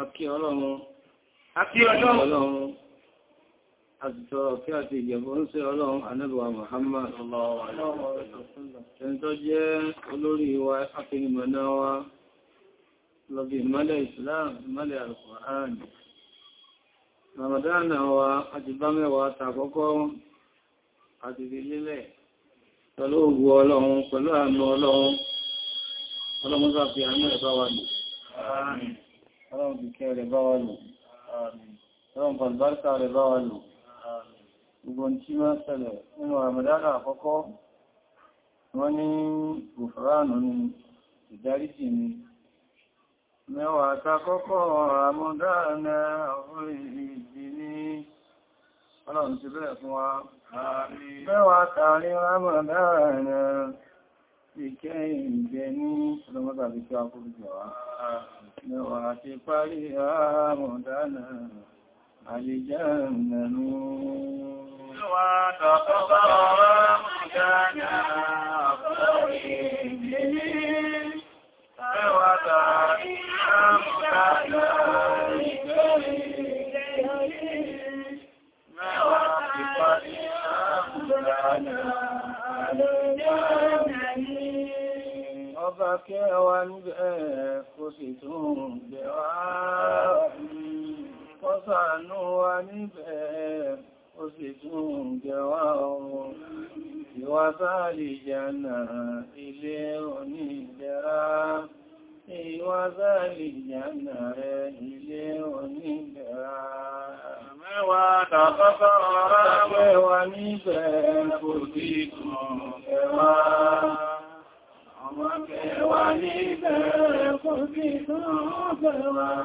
Akí ọlọ́run, akí ọlọ́run, àtìtọ̀rọ̀ kí àti ìjẹ̀bọ̀ ń sí ọlọ́run anẹ́bùwà Muhammad ẹni tó jẹ́ olórí wa afẹ́nimọ̀nà wa lọ́bí ìmọ́lẹ̀ Islam ìmọ́lẹ̀ Al-Qur'an Ramadan wa àti bá mẹ́wàá tàkọ́kọ́ àti ìrìnlẹ̀ pẹ̀lú ògùn ọlọ́run pẹ̀lú àánú ọlọ́run ọlọ́run sáfẹ́ àánú ẹ̀ bá wà lò ọlọ́run kìkẹ́ rẹ̀ bá wà lò ọlọ́run pàlbárkà rẹ̀ bá wà gbogbo tí wọ́n ṣẹlẹ̀ nínú ramadana àkọ́kọ́ wọ́n ní gòfàránù ní ìdáríjì ni mẹ́wàá takọ́kọ́ ramadana orí ìdí ní ọlọ́run ti bẹ́ẹ̀ fún wa mẹ́wàá tààrin ramadana ní ọlọ́mọ́ta bí kí a وتقبل رمضان أفضل Ọba kẹwàá níbẹ̀ kò sì tún bẹ̀wàá, kọ́sànú wa níbẹ̀ ó sì tún jẹwà ọ̀rọ̀ ìwà sáàlì jẹ́nà ilé òní ìdẹ̀ra ìwà sáàlì jẹ́nà rẹ ilé òní ìdẹ̀ra mẹ́wàá tàbátà ọ̀rọ̀ mẹ́wàá níbẹ̀ kò sí tún jẹwàá Ọmọ kẹwàá ní ìbẹ̀rẹ̀ kò sí tún jẹwàá.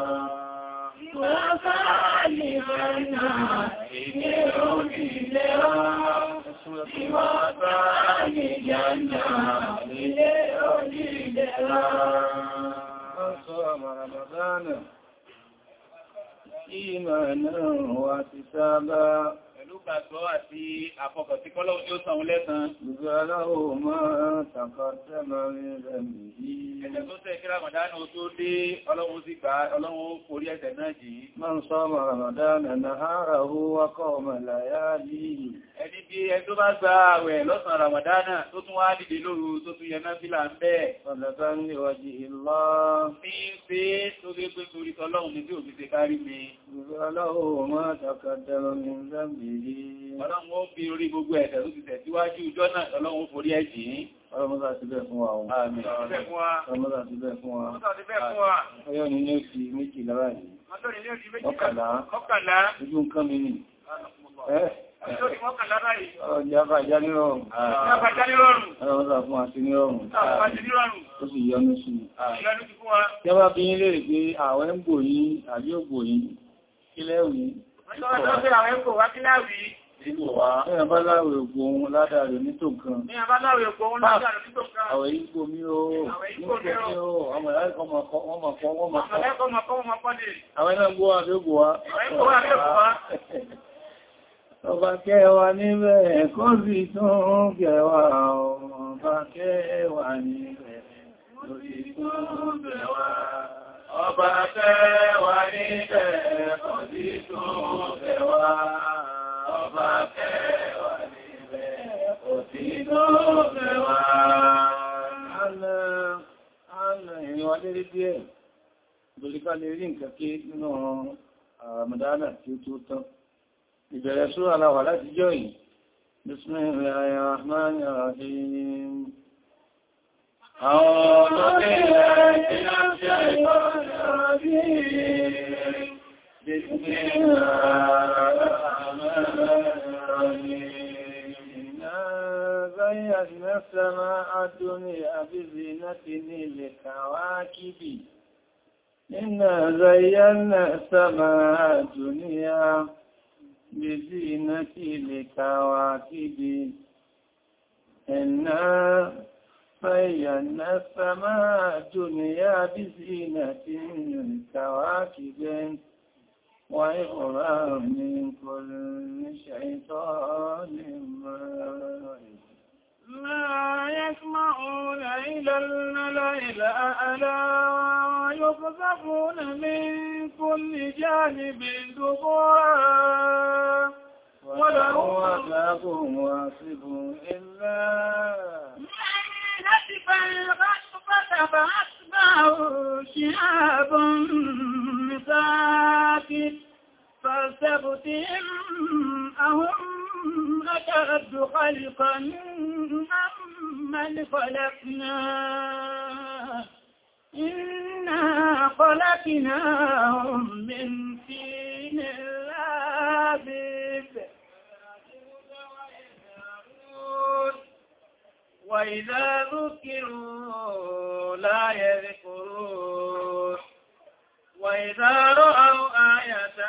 Ìmọ̀nà wa ti sábá. Pẹ̀lú gbàgbọ́ àti àfọkàn tí kọ́lọ́ tí ó sanwó lẹ́san. Gbogbo aláwò máa tàkàtẹ́ máa rí rẹ̀ mìí ẹ̀jẹ̀ tó tẹ́ kí Ramadanu tó dé ọlọ́run sí gbà ọlọ́run orí ẹ̀ṣẹ̀ náà jì í. Man sama Ramadana naharahu wa qama layalihi. Ẹni bí ẹ tó bá gba àwẹ̀ lọ́sàn Ramadana tó tún wá dìde lóru tó tún yẹ náfílà ń bẹ́. Ọ̀dọ̀ta ń lè wọ́jì ìlọ́. Fi ń ṣe Ọlọ́mọ́sá ti bẹ́ fún wa ohun. Àmín. Ọlọ́mọ́sá ti bẹ́ fún wa. Ọyọ́ ni ní oṣù méjì lára yìí. Ọkàlá. Ọkàlá. Ojú nǹkan mi nì. Ẹ́. Ìjọba ìjá nírọ̀rùn. Ọlọ́mọ́sá fún àti nírọ̀rùn. Ó sì yọ́nú sí. Ìjọba bí ilé rẹ̀ pé àwẹ́ ń bò yí, àbí ògbò yí, kílẹ̀ wí. Ọjọ́ ọjọ́ sínú wa. Ní àbá láwẹ̀ ògbò ohun ládàrí ní tó kan. Ní àbá láwẹ̀ ògbò ohun ládàrí ní tó kan. Àwẹ̀ ìgbò mi ó, ìgbò mi ó, ọmọ ẹ̀kọ́ ọmọ ọmọ ọmọ ọmọ ọmọ ọmọ ọmọ ọmọ ọmọ ọmọ Àwọn ẹ̀nà gbó Ọba kẹwàá níbẹ̀ kó sì tún kẹwàá ọba kẹwàá níbẹ̀ kó sì tún kẹwàá bá fẹ́ wà nílẹ̀ òtítọ́ mẹ́wàá. Ànà ànà ìrìn wa lérí díẹ̀, Bòlíká lè rí nǹkan kí nínú Ramadana tí ó tó tán. Ìbẹ̀rẹ̀ súrà la wà láti jọ yìí, Bismillahirrahmanirrahim. Àwọn ọmọdé láti láti àìkọ́ Bismillahirrahmanirrahim. زينا السماء الدنيا بزينة للكواكب إنا زينا السماء الدنيا بزينة للكواكب إنا زينا السماء الدنيا بزينة للكواكب وإغرام من كل شيطان مارد لا يسمعون إلى الملأ الأعلى يقذفون من كل جانب دبرا ولهم عذاب واصب إلا نسف الغشفة فأصبعوا شهاب مساكت فاستبتهم أهو نتعد خلقا ممن خلقنا إنا خلقناهم من فين لابد وإذا ذكروا لا يذكرون وإذا رأوا آية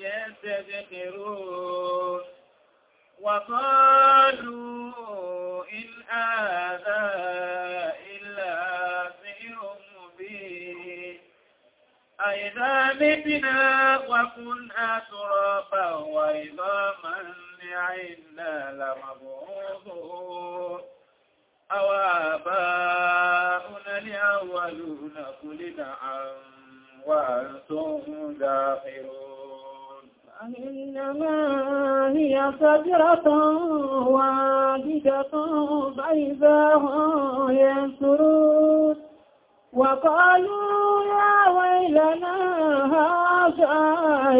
يستذكرون وقالوا إن هذا إلا سحر مبين أئذا متنا وكنا ترابا وعظاما لعنا لمبعوثون أو آباؤنا الأولون كل نعم وأنتم داخلون إنما هي شجرة واجدة بيضاء ينسرون وقالوا يا ويلنا هذا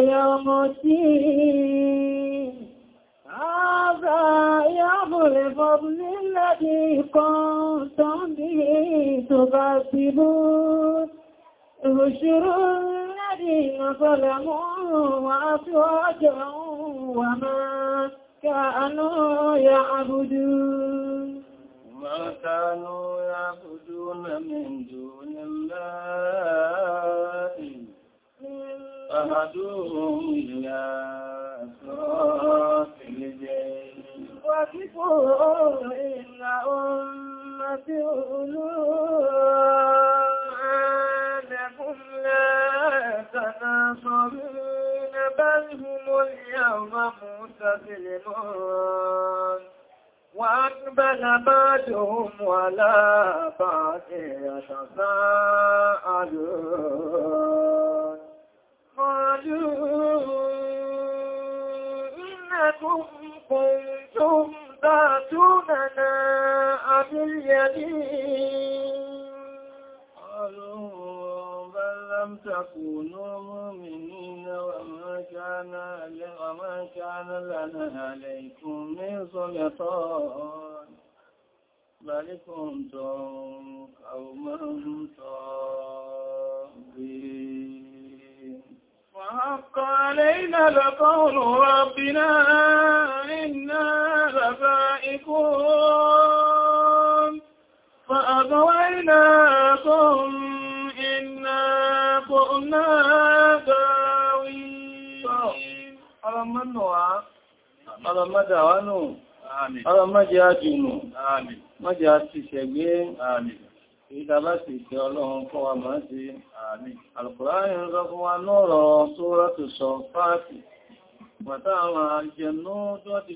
يوم الدين هذا يوم الفضل الذي كنتم به تكذبون اهشروا الذين ظلموا وأفواجهم وما كانوا يعبدون ما كانوا يعبدون من دون الله فهدوهم إلى صراط الجحيم وكفوا إلى أمة أولوها لكم لا متناصرين بل هم اليوم مستسلمون وأقبل بعضهم ولا بعض يتساءلون قالوا إنكم كنتم تأتوننا عن اليمين قالوا لم تكونوا مؤمنين وما كان وما كان لنا عليكم من سلطان بل كنتم قوما طاغين وحق علينا لقول ربنا إنا لفائقون فأغويناه mọ́nà wá, ọlọ́mọ́dà wá nù, ọlọ́mọ́jẹ́ àjùnù, mọ́jẹ́ àti ṣẹ̀gbé, ìdábá sì tẹ ọlọ́run kọ́ wa máa sí. Al-Qur'an ń sọ fún wa lọ́rọ̀ Suratu Saffat, pàtà àwọn àjẹnú tó ti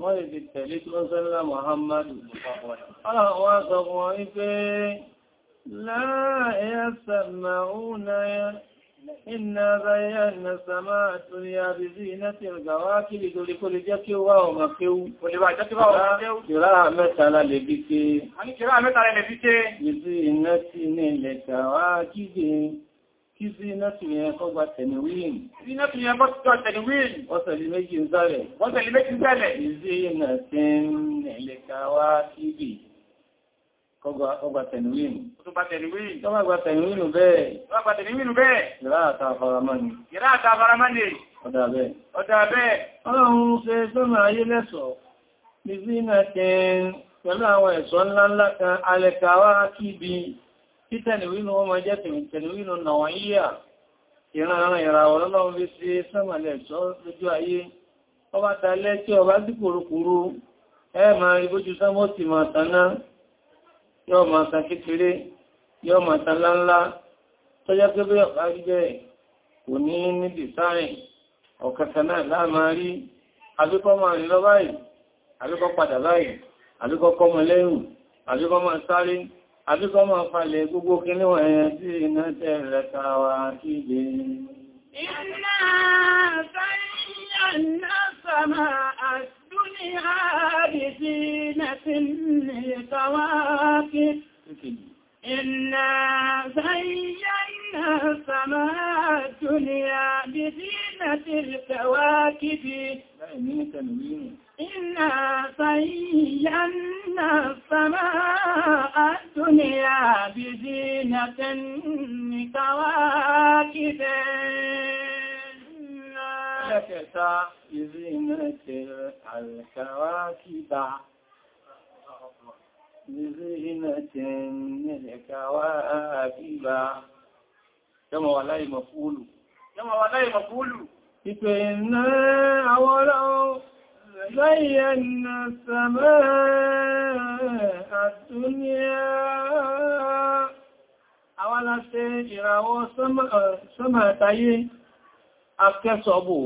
wọ́n lè ti tẹ̀lé tó ń sẹ́lá Muhammadu. Ọlọ́run sọ fún wọn wípé, láàáyẹ́ sàmàúnà إنا بينا السماء الدنيا بزينة الغواكب لكل كل جاكي ومكيو كراء مثلا لبكي بزينة الغواكب kí zínátì yẹn kọ́ gba tẹ̀lẹ̀wìn. zínátì yẹn bọ́ tọ́ tẹ̀lẹ̀wìn. ọ̀sẹ̀lẹ̀ méjì ń sálẹ̀. ọ̀sẹ̀lẹ̀ méjì ń sálẹ̀. zínátì ń nẹ̀lẹ̀kà wá síbì kọgbà tẹ̀lúwìnù. Ó tún bá tẹ̀lúwìnù. Tọ́gbà gbà tẹ̀lúwìnù bẹ́ẹ̀. Tọ́gbà gbà tẹ̀lúwìnù bẹ́ẹ̀. Ìrá àta àfaramọ́ni. Ìrá àta àfaramọ́ni. Ọ̀dà bẹ́ẹ̀. Ọ̀dà bẹ́ẹ̀. Ọlọ́run ṣe sọ́nà ayé lẹ́sọ̀ọ́. Bí sínà tẹ́ẹ̀ pẹ̀lú àwọn ẹ̀ṣọ́ ńláńlá kan alẹ́kàwá kíbi tí tẹ̀lúwìnù ọmọ jẹ́ tẹ̀lúwìnù nàwọ̀nyíyà. Ìran ìràwọ̀ lọ́lọ́run fi ṣe sọ́mọ̀lẹ̀ ẹ̀ṣọ́ lójú ayé. Ọba tàlẹ́ tí ọba dípòròkòrò ẹ máa ibójú sánmọ́ ti máa tànáà yóò máa ta kékeré yóò máa ta láńlá tó jẹ́ pé bóyá bá rí bẹ́ẹ̀ kò ní ní dìsáìn ọ̀kàkà náà láàmà rí àbíkọ́ máa rí lọ báyìí àbíkọ́ padà báyìí àbíkọ́ kọ́mọ lẹ́rù àbíkọ́ máa sáré àbíkọ́ máa falẹ̀ gbogbo kíní wọ̀nyẹn sí iná tẹ́ rẹ̀ فيها بزينة إنا زينا السماء الدنيا بزينة الكواكب إنا زينا السماء الدنيا بزينة الكواكب ملكتا بزينة الكواكب بزينة الكواكب كما والله مفعول كما والله مفعول إِنَّا أَوْلَوْا زَيَّنَّا السَّمَاءَ الدُّنْيَا أَوَلَا سَيْجِرَ وَسَمَأَ سَمَأَ تَيِّنَ akẹ́sọ̀bò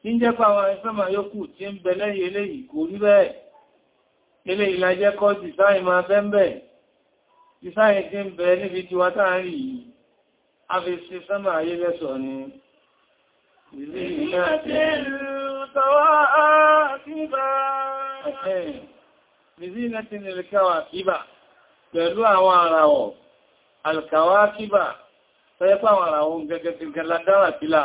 tí ń jẹ́ pàwọn ẹfẹ́mà yókù tí ń bẹ lẹ́yìn eléyìí kò rí bẹ́ẹ̀ eléyìí la jẹ́ kọ́ dìsáì máa bẹ́m̀bẹ̀ dìsáì tí ń bẹ níbi tí wá táàrí yìí a fi ṣe sẹ́mà ayé lẹ́sọ̀ ni Mìzínàtí ni ìlúkàwà kíbà pẹ̀lú àwọn àràwọ̀, alkàwà kíbà, tẹ́yẹ́pàwọn àràwọ̀ gẹ́gẹ́ gẹ́gẹ́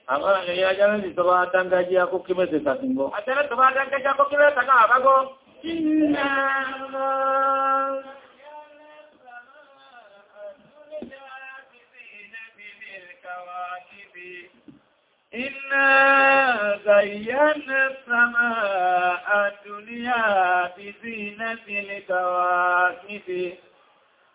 Àwọn ẹ̀yà ajẹ́rẹ́sì tó bá dángájí akókí mẹ́sẹ̀ tàbígbọ́. Àjẹ́rẹ́ tó bá dángájí akókí mẹ́sẹ̀ tàbígbọ́. Àbágọ́. Iná lọ. Inna zayyana sama a duniya bi zinatil kawakibi.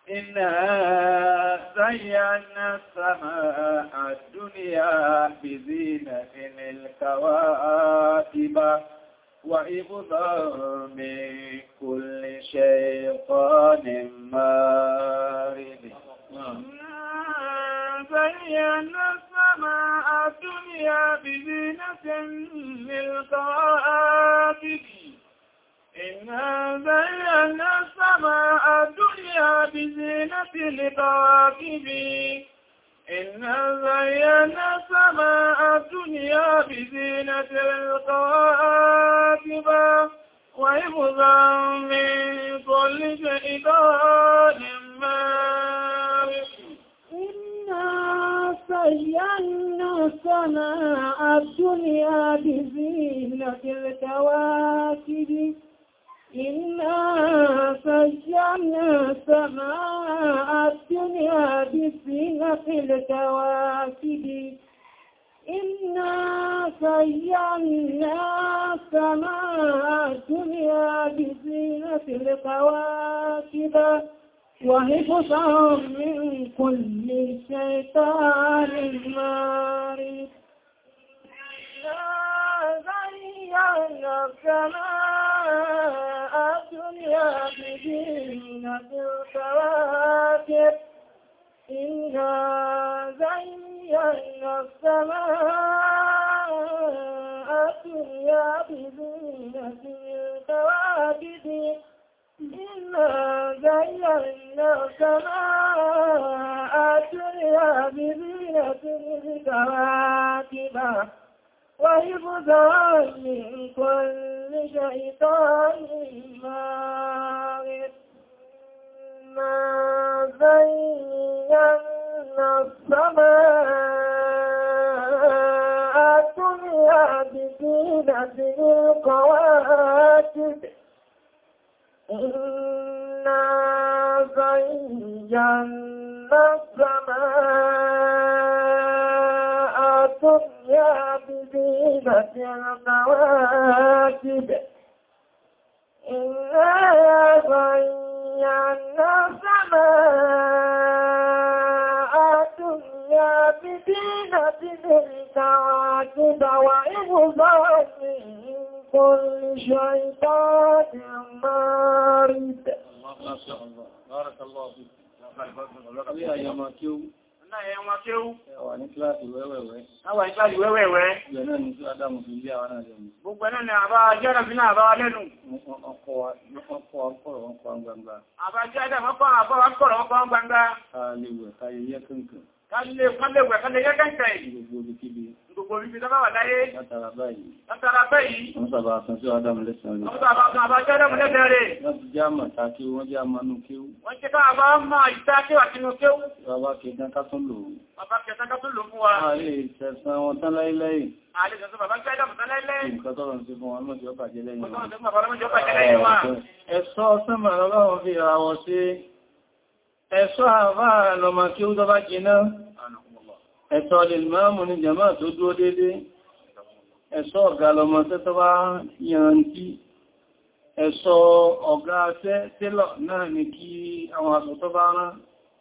إنا زينا السماء الدنيا بزينة الكواكب وإبضا من كل شيطان مارد زينا السماء الدنيا بزينة للكواكب إن هذا إلا السماء الدنيا بزينة الكواكب إن هذا إلا السماء الدنيا بزينة الكواكب وحفظا من كل شيطان مارد إنا زينا السماء الدنيا بزينة الكواكب إنا زينا سماء الدنيا بزينة الكواكب إنا زينا سماء الدنيا بزينة الكواكب وحفظا من كل شيطان مارد إنا زينا سماء الدنيا بزينة الكواكب إنها زينا السماء الدنيا بزينة الكواكب إنا زينا السماء الدنيا بزينة الكواكب وحفظا من كل شيطان مارد ما زينا السماء الدنيا بزينة القواتب إنا زينا السماء عابدين في الكواكب إنا ضيعنا السماء الدنيا بزينة الكواكب وإبضاء من كل شيطان مارد الله ما شاء الله بارك الله فيك يا ما كيو Náà ẹ̀ wọn kéwú. Ẹwà ní kíláàsì wẹ́wẹ̀wẹ́. Àwà ní kíláàsì wẹ́wẹ̀wẹ́. Ìgbẹ̀ náà ni tí Ádámù fi lé àwọn náà jẹun. Gbogbo náà ni àbá jẹ́rẹ̀ fi náà bá wá lẹ́nu. Ọkọ̀ ọkọ̀rọ̀ wọn kọ́ gbangba. Àbá jẹ́rẹ̀ mọ́kọ̀ àbá wọn kọ̀rọ̀ wọn kọ́ gbangba. Kálẹ̀wẹ̀ kálẹ̀ yẹ́ kankan. Kálẹ̀wẹ̀ kálẹ̀ yẹ́ kankan. Gbogbo ibi kíbi. Gbogbo ibi tó bá wà láyé. Látara báyìí. Látara báyìí. Wọ́n sábà kan sí Ádámù lẹ́sàn-án. Wọ́n rẹ̀. Wọ́n ti já mọ̀ ìtàkí, wọ́n já mọ̀ nù kéwú. ọ̀sán màá lọ́wọ́ fi ra wọn sí. Ẹ̀ṣọ́ àbá lọ́mọ kí ó tọ́ bá jiná ẹ̀ṣọ́ lè mọ́mù ní jàmá tó dúró dédé ẹ̀ṣọ́ ọ̀gá lọmọ tẹ́tọ́ bá yẹrantí ẹ̀ṣọ́ ọ̀gá tẹ́ tẹ́lọ̀ náà ni kí àwọn àtọ́tọ́ bá rán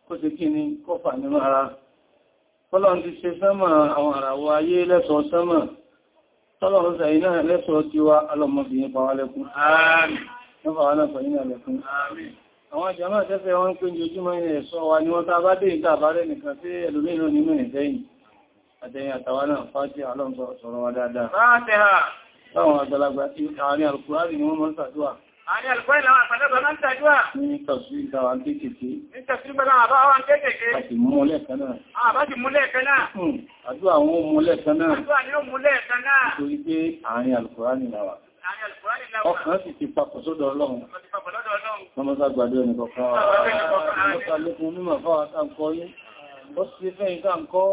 kó ti kí ni kó fà ní mara fọ́lọ́n ti ṣe sánmà àwọn àràwọ̀ ayé lẹ́ṣọ́ àwọn jàmá tẹ́fẹ́ wọn pín jojúmọ́ ilẹ̀ ẹ̀ṣọ́ wa ni wọ́n tá bá dé ìta àbárẹ́ nìkan sí ẹlòmílò nínú ìdẹ́yìn àtẹ́yìn àtàwà náà fásí alọ́mọ sọ̀rọ̀ wa dáadáa láwọn àgbàlagbà tí àárín alùkùránì ni wọ́n mọ́ sàdúwà àárín alùkùránì láwọn àpàdẹ́gbà mọ́ sàdúwà ní tọ̀sí ìtawà kéèkéé ní tọ̀sí ìgbàlá àbá àwọn kéèkéé àti múlẹ̀ kanáà hmm, àbájì múlẹ̀ kanáà àdúwà àwọn múlẹ̀ kanáà àdúwà ni ó múlẹ̀ kanáà ọkàn sì ti papọ̀ sọ́dọ̀ ọlọ́run ọmọ sàgbàdé ẹni kọ̀kan ọ̀pàlẹ́kùn mímọ̀ fáwà tàǹkọ́ yí ó sì fẹ́yìn tàǹkọ́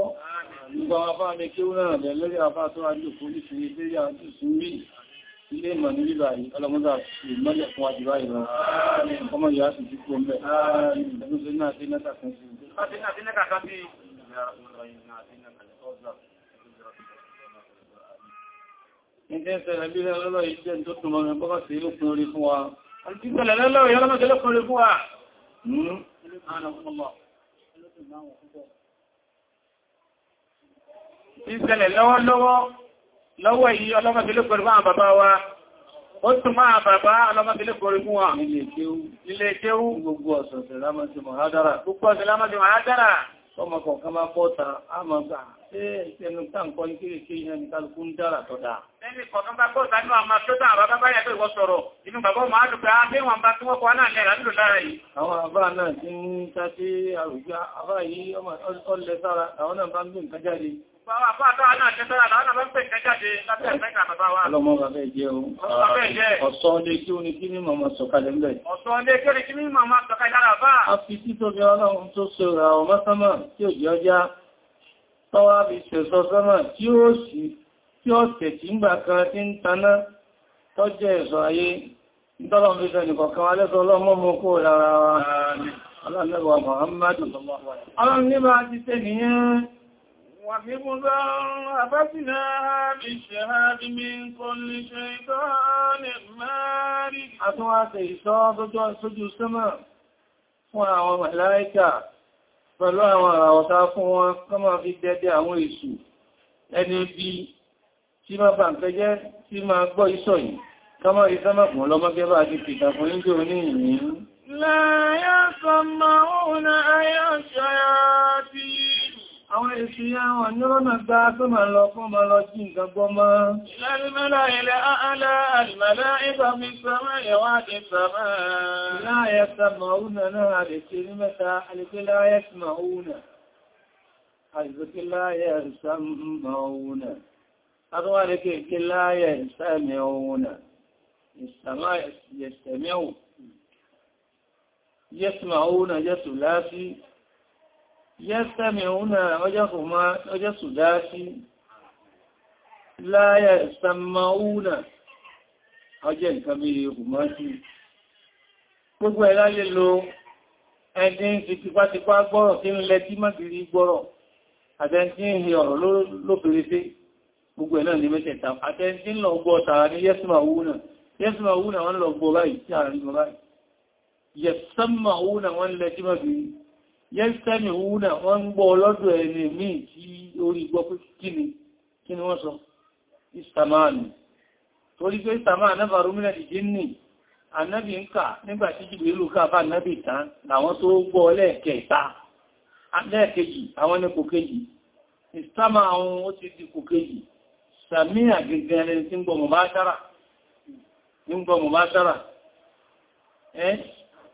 nígbà wọn bá mẹ́ kí ó náà rẹ̀ lórí àbá tó rájú polisi ní ilé àjú sí rí ilé ìmọ̀ ní bíbà yìí ọlọ́mọdá sì mọ́lẹ̀ fún àjíwá ìrọ̀ ọmọ ìyá sì ti ìtẹ́sẹ̀rẹ̀ bí lọ́lọ́ ìjẹ́ tó túnmọ̀ rẹ̀ bọ́kọ̀ sí lókun orí fún wa. Àti ìtẹ́lẹ̀ lọ́lọ́ ìyọ́lọ́mọ́jẹ́ lókun orí fún wa. Mú, ẹlú ààrẹ fún ọmọ. Ìṣẹ̀lẹ̀ lọ́wọ́lọ́wọ́ lọ́wọ́ yìí ọlọ́mọ́bílé kọrí fún àbàbá wa, ó tún máa bàbá ọlọ́mọ́bílé kọrí fún wa nílé kéwú, nílé kéwú gbogbo ọ̀sọ̀ọ̀sẹ̀ lámọ́sí mọ̀ tọ́mọ kọ̀ọ̀kan bá pọ́ta a mọ̀ gbà tí ẹnu táǹkọ́ ní kéèkéé yẹn ní kálukú ń dára tọ́dá. ẹni kọ̀ọ̀kan bá pọ́ta ní àwọn aṣọ́dá àbábá bá yàtọ̀ ìwọ sọ̀rọ̀ inú bàbá ọmọ àdùgbà àbẹ́wọ̀n bá tí wọ́n kọ́ náà lẹ́ra nílò lára yìí. àwọn àbá náà ti ń ta sí àrùjá àbá yìí ọlẹ́ Bàbá àpáàtà náà kẹtàrà láwọn àwọn pẹ̀ kẹjáde láti ẹ̀fẹ́ kàtàbá wa. Ọlọ́mọ bàbá ẹ̀jẹ́ o. Ọlọ́mọ bàbá ẹ̀jẹ́. Ọ̀sọ́ ọdé kí o ní kí ní mọ̀mọ̀ sọ̀kalẹ̀ ń bẹ̀. Ọ̀sọ́ ọdé kí o ní kí ní mọ̀mọ̀ sọ̀kalẹ̀ lára bá. A fi títọ́ bí ọlọ́run tó ṣe ra ọmọ sánmà tí ò jẹ́ ọjá. Tọ́wá bí ṣe sọ sánmà tí ó sì tí ó tẹ̀ tí ń gbà kan tí ń taná tọ́jẹ́ ní bá ti ṣe nìyẹn. وحفظا أفتناها بالشهاد من كل شيطان مارد أتواتي صادق سجو السماء وملائكة pẹ̀lú àwọn àwọ̀ta fún wọn kọmọ̀ fi dẹ́dẹ́ àwọn èṣù ẹni bí tí máa bá ń pẹ́jẹ́ tí máa gbọ́ ìṣọ̀ yìí kọmọ̀ ìsẹ́mọ̀kùn lọ́mọ́gẹ́ bá Àwọn èṣù yá wọn ní rọ́nà gbá tó máa lọ fún ma lọ sí nǹkan gbọ́ mọ́. Ìlàrìmọ́lá ilẹ̀ àálá àrìmọ́lá ìgbà mi sọmọ́ ìwà àti sọmọ́. Láyẹ̀ sọmọ́ òunà náà lè ṣe ní mẹ́ta, àlèkè láyẹ̀ sọmọ́ òunà. Àìsókè láyẹ̀ sọmọ́ òunà. Àtúwà lè kèèkè láyẹ̀ sọmọ́ òunà. Ìsàmọ́ yẹ̀sẹ̀mẹ́wò. Yẹ́sùmọ́ òunà yẹ́sù láti yẹ́sẹ̀mì òun náà ọjọ́ fòmá ọjọ́ sùdá sí láyẹ̀ ìsànmáúnà ọjọ́ nǹkan bí fòmá sí gbogbo ẹ̀lá lè lo ẹ̀dín ti tipátipá gbọ́rọ̀ tí ń lẹ tí mọ́gìrí gbọ́rọ̀ àtẹ́ntí ń hì ọ̀rọ̀ lóbèrèsé gbogbo ẹ̀lá ní mẹ́tẹ̀ta àtẹ́ntí ń lọ gbọ́ yẹ́sítẹ́mì owó náà wọ́n ń gbọ́ ọlọ́dọ̀ ẹni míì tí orí gbọ́ pé kí ni kí ni wọ́n sọ istamani torí pé istamani náà faru mílẹ̀ ìdí nì anábì ń kà nígbà tí jìbì ìlú káàbà nábì tán làwọn tó gbọ́ lẹ́ẹ̀kẹta lẹ́ẹ̀kejì àwọn ní kò kejì istama àwọn ó ti di kò kejì sàmì àgẹ́gẹ́ ẹni tí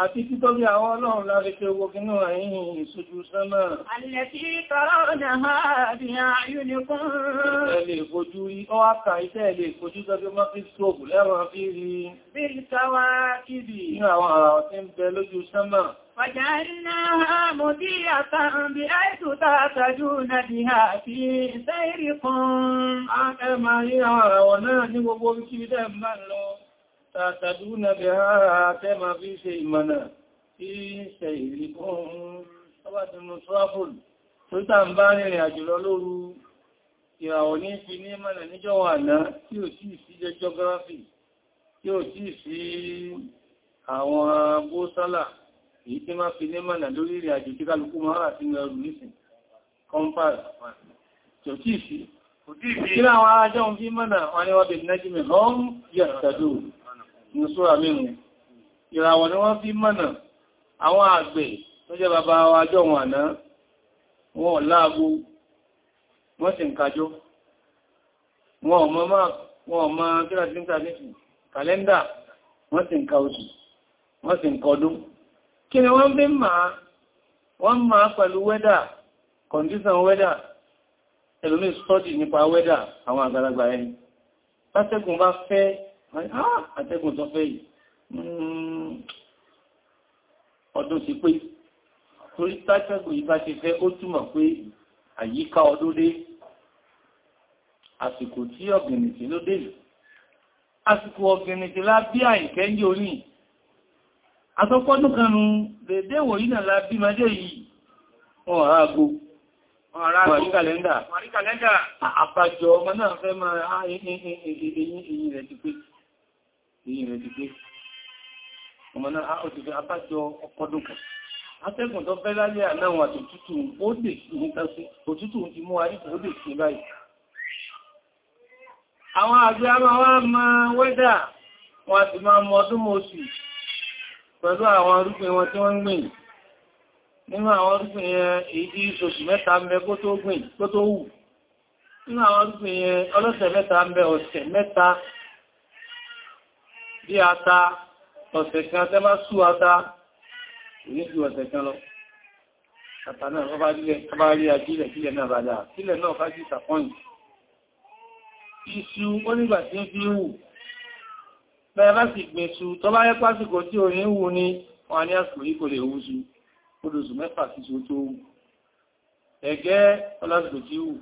àti títóbi àwọn ọlọ́run láríkẹ ogunú àyíyìn ìṣojú sánmà. Àlẹ́kí tọrọ náà bí i àyúnikún. Ẹlẹ́ ìfojú rí, ọ wá kà iṣẹ́ ẹlẹ́ ìfojú gẹ́gẹ́ mọ́ fi sóòbù lẹ́wọ̀n fi rí. Bí i sáwá Ní àwọn àrà ọ̀tí ń bẹ lójú sánmà. وجعلناها tàtàdúnà bí ara tẹ́mà fi ṣe ìmọ̀nà tí ṣe ìrìkún ọbátínú tráfòl tó tà ń bá rìnrìn àjò lóru ìràwọ̀ ní fi ní mọ̀nà níjọ́ àná tí ò tí sí geography tí ò tí sí àwọn bósálà èyí tí má fi ní mọ̀nà lórí ìrìn àjò tí kálukú máa rà sínú ẹrù nísìn compass tí ò tí sí Kí láwọn arájọ́ ń fi mọ́nà wọn ni wọ́n bèèrè nájú mi, yẹ̀ tẹ̀lú ní sóra mìírùn ìràwọ̀ ni wọ́n fi mọ̀nà àwọn àgbẹ̀ tó jẹ́ bàbá wa jọ wọn àná wọn láàgbó wọ́n sì ń kájọ́ wọn ọmọ máa kíra sí ìntànẹ́tì kàlẹ́ndà wọ́n sì ń ka oṣù wọ́n sì ń kọdún kí ni wọ́n bí máa wọ́n máa pẹ̀lú wẹ́dà condition wẹ́dà ẹlòmí study nípa wẹ́dà àwọn àgbàlagbà ẹni látẹ́gùn bá fẹ́ Ah, atẹ́gùn tó fẹ́ yìí ọdún sí pé torí tátẹ́gùn ìbá ṣe fẹ́ ó túmọ̀ pé àyíká ọdún dé àsìkò tí ọ̀gbìnìtì ló dé àsìkò ọ̀gbìnìtì lábí àìkẹ́ ń yóò ní àtọ́pọ́dún kanú dédé wòyí náà lábí májẹ́ yìí wọ́n ará agbó wọ́n rí kàlẹ́ndà àpàjọ ọmọ náà fẹ́ máa ẹ̀yìn ah, rẹ̀ ti pé ìyìn rẹ̀ ti gbé ọmọ náà ó ti fi abájọ ọkọ̀dún kan atẹ́gùn tó fẹ́ lálẹ́ àláwọn àtòtútù ó dè níta sí òtútù ti mú àríkù ó dè sí báyìí àwọn àgbẹ̀ a máa wá ma wẹ́dà wọn àti máa mọ ọdún mọ́sù pẹ̀lú àwọn arúgbìn wọn tí wọ́n ń gbìn nínú àwọn arúgbìn yẹn èyí tí oṣù mẹ́ta ń bẹ kó tó gbìn kó tó wù nínú àwọn arúgbìn yẹn ọlọ́sẹ̀ mẹ́ta ń bẹ ọ̀sẹ̀ mẹ́ta bí ata ọ̀sẹ̀ kan tẹ́ bá sú ata ní ju ọ̀sẹ̀ kan lọ ata náà wọ́n bá rílẹ̀ bá rí ajílẹ̀ sílẹ̀ náà bá dáa sílẹ̀ náà bá jí sàpọ́yìn iṣu ó nígbà tí ń fi wù bẹ́ẹ̀ bá sì gbìn su tọ́ bá yẹ pásìkò tí orin wù ní wọn ní àsìkò yìí kò lè wú su odòsù mẹ́fà sí su tó wù ẹ̀gẹ́ ọlásìkò tí wù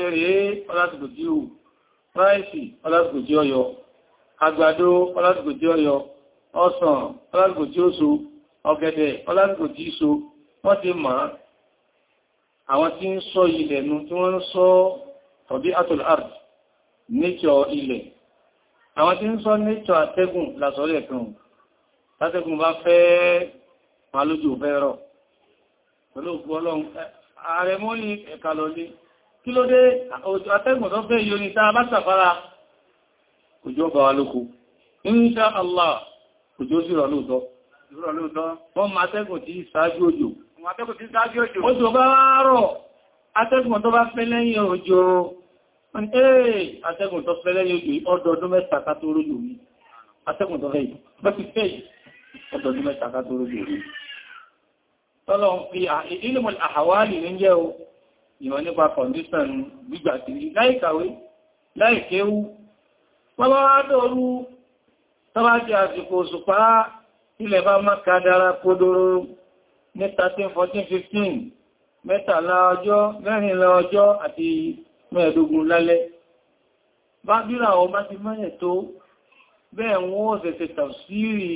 eré ọlásìkò tí wù ráìsì ọlásìkò tí ọyọ àgbàdo ọlásìkò tí ó yọ ọsàn ọlásìkò tí ó so ọ̀gẹ̀dẹ̀ ọlásìkò tí so wọ́n ti mọ̀ àwọn tí ń sọ ilẹ̀ nu tí wọ́n ń sọ tọ̀bí atol art níjọ ilẹ̀ àwọn tí ń sọ níjọ atẹ́gùn lásọ̀rẹ̀ kan látẹ́gùn bá fẹ́ ma lójú fẹ́rọ pẹ̀lú òkú ọlọ́run ààrẹ mọ́ òjò bá wa lóko insha Allah òjò síra lóòtọ́ wọ́n ma tẹ́gùn tí sáájú òjò òjò bá rọ̀ atẹ́gùn tó bá fẹ́ lẹ́yìn òjò ee atẹ́gùn tó fẹ́ lẹ́yìn òjò ọdọọdún mẹ́ta ká tó rójò rí atẹ́gùn tó fẹ́ yìí ọdọọdún mẹ́ta ká tó rójò rí tọ́lọ̀ fi ilmul àhàwálì ní jẹ́ o ìwọ̀n nípa condition gbígbà sí láìkàwé láìkéwú Bàbá wá dọ̀rú, tọ́bá jẹ́ àsìkò òṣùpá ilẹ̀ bá má kádàrá kódóró ní 13, 14, 15, mẹ́tàlá ọjọ́, mẹ́rìnlá ọjọ́ àti mẹ́ẹ̀dógún lálẹ́. Bá bíra ọ bá ti mẹ́rẹ̀ tó, bẹ́ẹ̀ wọ́n ọ̀sẹ̀sẹ̀ tàbsírì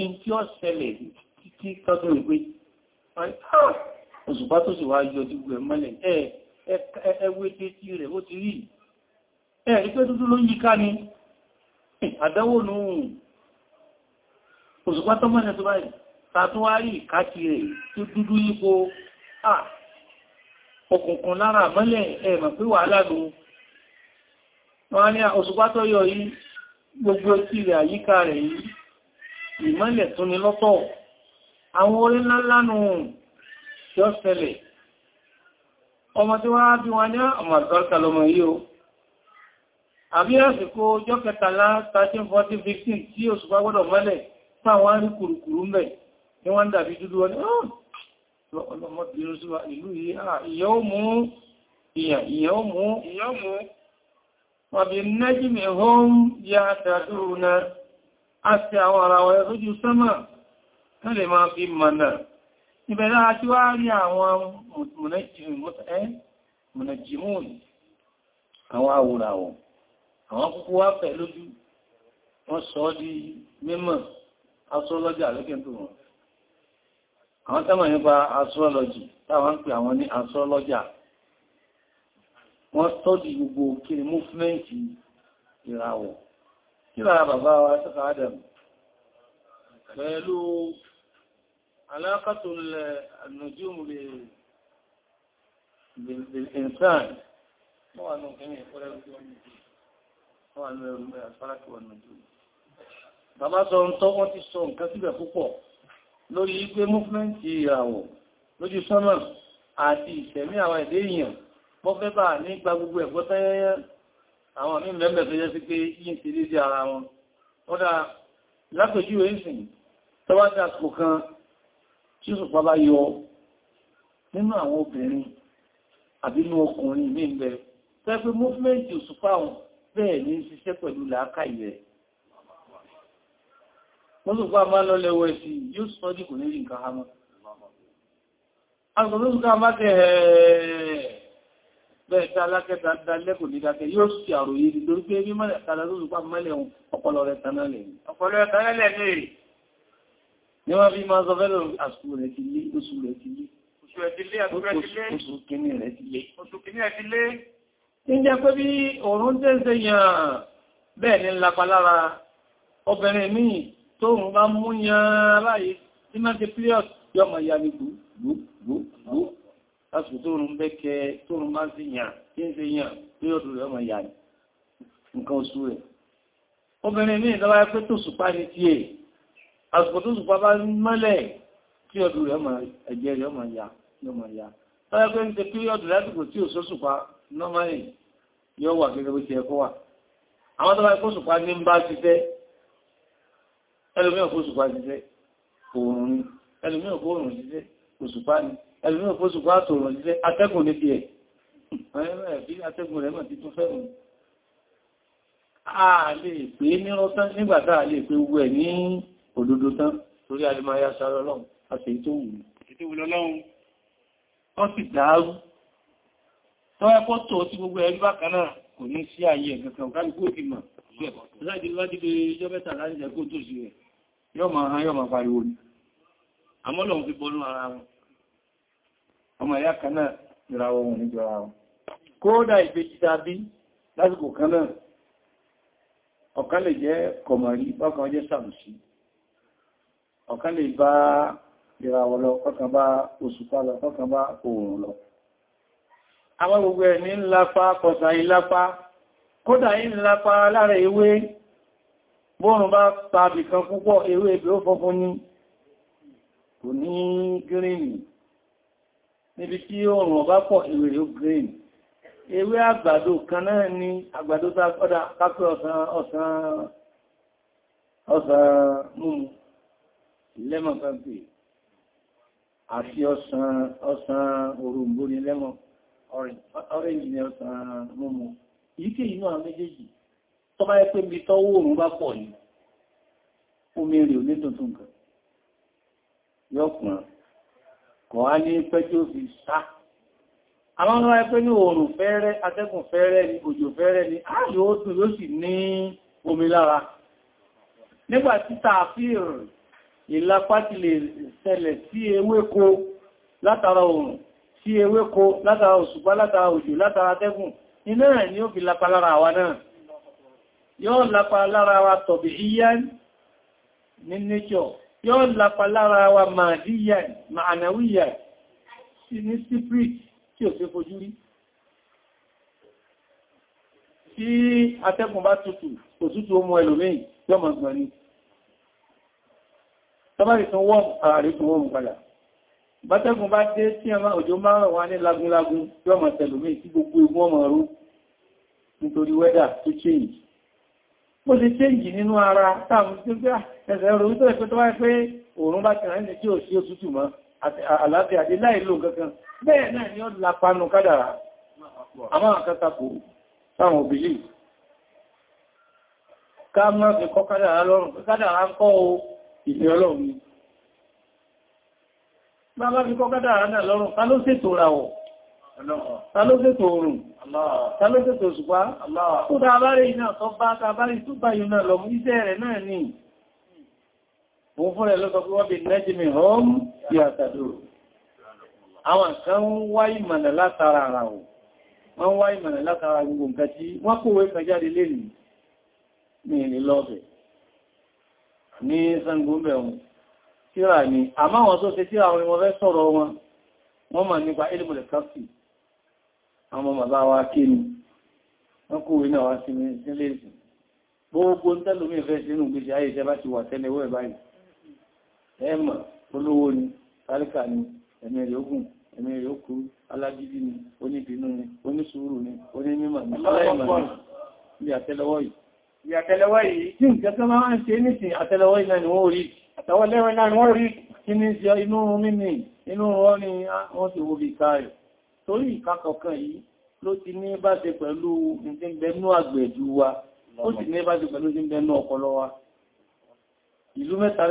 in tí ó ṣẹlẹ̀ títí tọ́tọ́ ìpé. Ah, òṣùpá tó sì wá ẹ̀ ìpé dúdú ló yíká ni àdánwò nù òṣùpá tọ́mọ́ ẹ̀ tó báyìí tàtúwárí ìkáàkì rẹ̀ tó dúdú yípo à ọkùnkùn lára mọ́lẹ̀ ẹ̀mọ̀ pé wà láàrù wọ́n ní òṣùpá tó yọ yìí gbogbo tí rẹ̀ àyíká rẹ̀ yìí ìmọ́lẹ̀ tún ni lọ́tọ̀ àwọn orí ńláńlánú yọ́ ṣẹlẹ̀ ọmọ tí wọ́n á bí wọn ní ọmọ àbí àsìkò ọjọ́ kẹtàlá 13,14,15 tí oṣù bá gbọ́dọ̀ mọ́lẹ̀ táwọn rí kùrùkùrù mẹ́ ní wọ́n dàbí dúdú wọn ọlọ́mọdé Ìbẹ̀rẹ̀ àti wá rí àwọn mọ̀nàjìmún, àwọn awòràwọ̀ àwọn kúkú wá fẹ̀ lójú wọ́n sọ di mímọ̀ astrology alẹ́kẹ́ tó wọ́n àwọn tẹ́mọ̀ nípa astrology táwọn ń pè àwọn ní astrology wọ́n tọ́dì gbogbo kiri movement ìràwọ̀ kí lára bàbá wa sọ́kà adam pẹ̀lú alákàtò nàíjíríà bil insan Wọ́n wà ní òkèrè Bàbá sọ ń tọ́ wọ́n ti sọ nǹkan síbẹ̀ púpọ̀ lórí wípé múfúmẹ́ntì ìràwọ̀ lójú sánmà àti ìṣẹ̀mí àwọn èdè èèyàn mọ́fẹ́ bà ní gba gbogbo ẹ̀gbọ́ tẹ́yẹyẹ àwọn mí mẹ́mẹ́ tó jẹ́ sí pé yí ti rí sí ara wọn. Ó dá lápẹjú èsìn tọ́wádà àsìkò kan tí ó sùpá bá bẹ́ẹ̀ ní ṣiṣẹ́ pẹ̀lú làákàyè rẹ̀ wọ́n tó pàá máa lọ́lẹ̀ wọ ẹ̀sì yóò sọ dì kò lérí nǹkan hamọ́ agbọ̀n lóṣùká máa tẹ́ ẹ̀ẹ́ bẹ́ẹ̀ tí alákẹta dalẹ́kò ní dákẹ́ yóò sì àròyé di torí pé ní mọ́lẹ̀ tààdà lóṣùká mọ́lẹ̀ ọpọlọ rẹ̀ tanálẹ̀ ọpọlọ rẹ̀ tanálẹ̀ mẹ́rin ni wọ́n fi máa sọ fẹ́lẹ̀ àsìkò rẹ̀ ti lé oṣù rẹ̀ ti lé oṣù kìíní rẹ̀ ti lé Ìjẹ́ pé bí òun tẹ́ ṣe yàn bẹ́ẹ̀ ni lápa lára obìnrin míì tó òun bá mú yàn aláyé tí máa ti pílíọ̀t yọmọ ìyá ni gbùgbùgbù lásìkò tó òun bẹ́kẹ tó òun bá sí yàn tí ń ṣe yàn pílíọ̀t yọmọ ìyá ni nǹkan oṣù rẹ̀. Obìnrin míì lọ́wọ́ pé tó sùpá ní tí normally yóò wà gẹ́gẹ́ bó ti ẹkọ́ wà àwọn tó bá kó sùpá ní ń bá ti tẹ́ ẹlòmíràn kó sùpá ti tẹ́ oòrùn ni ẹlòmíràn kó oòrùn ti tẹ́ òṣùpá ni ẹlòmíràn kó sùpá tòòrùn ti tẹ́ atẹ́gùn ní tiẹ̀ atẹ́gùn rẹ̀ mọ̀ ti tún fẹ́ràn a lè pé nírọ́ tán nígbàtá a lè pé a sì tó wù ú. ètò tó ẹ kó tó sí gbogbo ẹ̀rí bákan náà kò ní sí ayé ẹ̀kankan kálukú òfin mọ̀ láti láti lè yọ mẹ́ta láti jẹ́ kó tó sí rẹ̀ yọ ma ha yọ ma pariwo ni àmọ́ lọ́n fi bọ́nú ara wọn ọmọ ẹ̀yà kan náà jọra wọn wọn ní jọra wọn kódà ìbejì tàbí lásìkò àwọn gbogbo ẹ̀ ní ńlápá kọ̀sà ìlápá kódà ìlápá lára ewé bóòrùn bá tàbí kan púpọ̀ ewé ibi ó fọ́fún ní kò ní gírínì níbi tí oòrùn ọba pọ̀ ewé ó gírínì ewé àgbàdo kan náà ni àgbàdo tá kọ́dà kápẹ́ ọ̀sán ọ̀sán ọ̀sán múmu lẹ́mọ̀ kan pè àti ọ̀sán ọ̀sán ni lẹ́mọ̀ orange ni ọ̀sán múmu ìyíkè inú àwọn méjèèjì tó bá yẹ pé mi tọ́wọ́ òun bá pọ̀ ní omi rẹ̀ ò ní tuntun kan yọ́kùnrin kọ̀ á ní pẹ́ tí ó fi sá àwọn ọmọ ẹgbẹ́ ní oòrùn fẹ́rẹ́ atẹ́gùn fẹ́rẹ́ ni òjò fẹ́rẹ́ ni a yóò dùn yóò sì ní omi lára nígbà tí tààfíìrì ìlapá ti lè ṣẹlẹ̀ sí ewéko látara oòrùn sí ewéko látara òṣùpá látara òjò látara tẹ́gùn iná ẹ̀ ni ó fi lapa lára wa náà yóò lapa lára wa tọ̀bí iyan ní nature yóò lapa lára wa ma'adiyan ma'anawiyan ní spirit tí ò fi fojú rí tí atẹ́kùn bá tutù òtútù ọmọ ẹlòmíì yọ́ mọ̀ gbọ́n ni tọ́bá ìtún wọ́n ààrẹ fún wọn padà bátẹ́gùn bá dé tí ẹmà òjò máa rọ̀ wá ní lagunlagun tí ọmọ tẹ̀lùmí tí gbogbo egun ọmọ rú nítorí wẹ́dà tó change ó ti change nínú ara táàmù tí ó gbá ah, ẹ̀sẹ̀ ẹ̀rọ tó ẹ̀kọ́ tó wáyé pé òòrùn bá ti rẹ̀ ní tí ò sí òtútù mọ́ àlàáfíà àdé láìlò kankan bẹ́ẹ̀ náà ni ó lapanu kádàrà àmọ́ àkátàkù táwọn òbílì ká mọ́ fi kọ́ kádàrà lọ́rùn kádàrà ń kọ́ ìfẹ́ ọlọ́run Bàbá fi kọ́ kádàrá náà lọ́rùn, ta ló ṣètò ràwọ̀? Ta ló ṣètò oòrùn? Ta ló ṣètò òṣùpá? Tó ta bárí iná tó bá ta bárí tó bá yóò náà lọ mú iṣẹ́ rẹ̀ náà ní. Mo fún rẹ̀ lọ́sọ pé wọ́n bí nẹ́jìmì hóm bí àtàdó. Àwọn kan ń wá ìmọ̀nà látara tíra ní àmá wọn tó ṣe tíra wọn wọ́n fẹ́ sọ̀rọ̀ wọn wọ́n mọ̀ nípa ilmùlẹ̀ káfí àwọn bàbá wa kí ni wọ́n kó wí náà wá sí ilé ìsìn gbogbo ń tẹ́lú mi fẹ́ sínú gbèsè ayé ìṣẹ́ bá ti wà tẹ́lẹ̀ wẹ́ báyìí ẹ̀mà olówó ni tálíkà ni ẹ̀mí rẹ̀ ogun ẹ̀mí rẹ̀ okú alágídí ni oníbínú ni onísùúrù ni onímímọ̀ yìí ẹ̀wọ́ lẹ́rin láàrin wọ́n rí kí ní ṣe inú mímì inú wọ́n ni wọ́n ti wo bí káàrì torí ìkàkọ̀kan yìí ló ti ní bá ṣe pẹ̀lú ìdínbẹ̀nú àgbẹ̀jú wa ó sì ní bá ṣe pẹ̀lú ìdínbẹ̀nú ọpọlọ wa ìlú mẹ́ta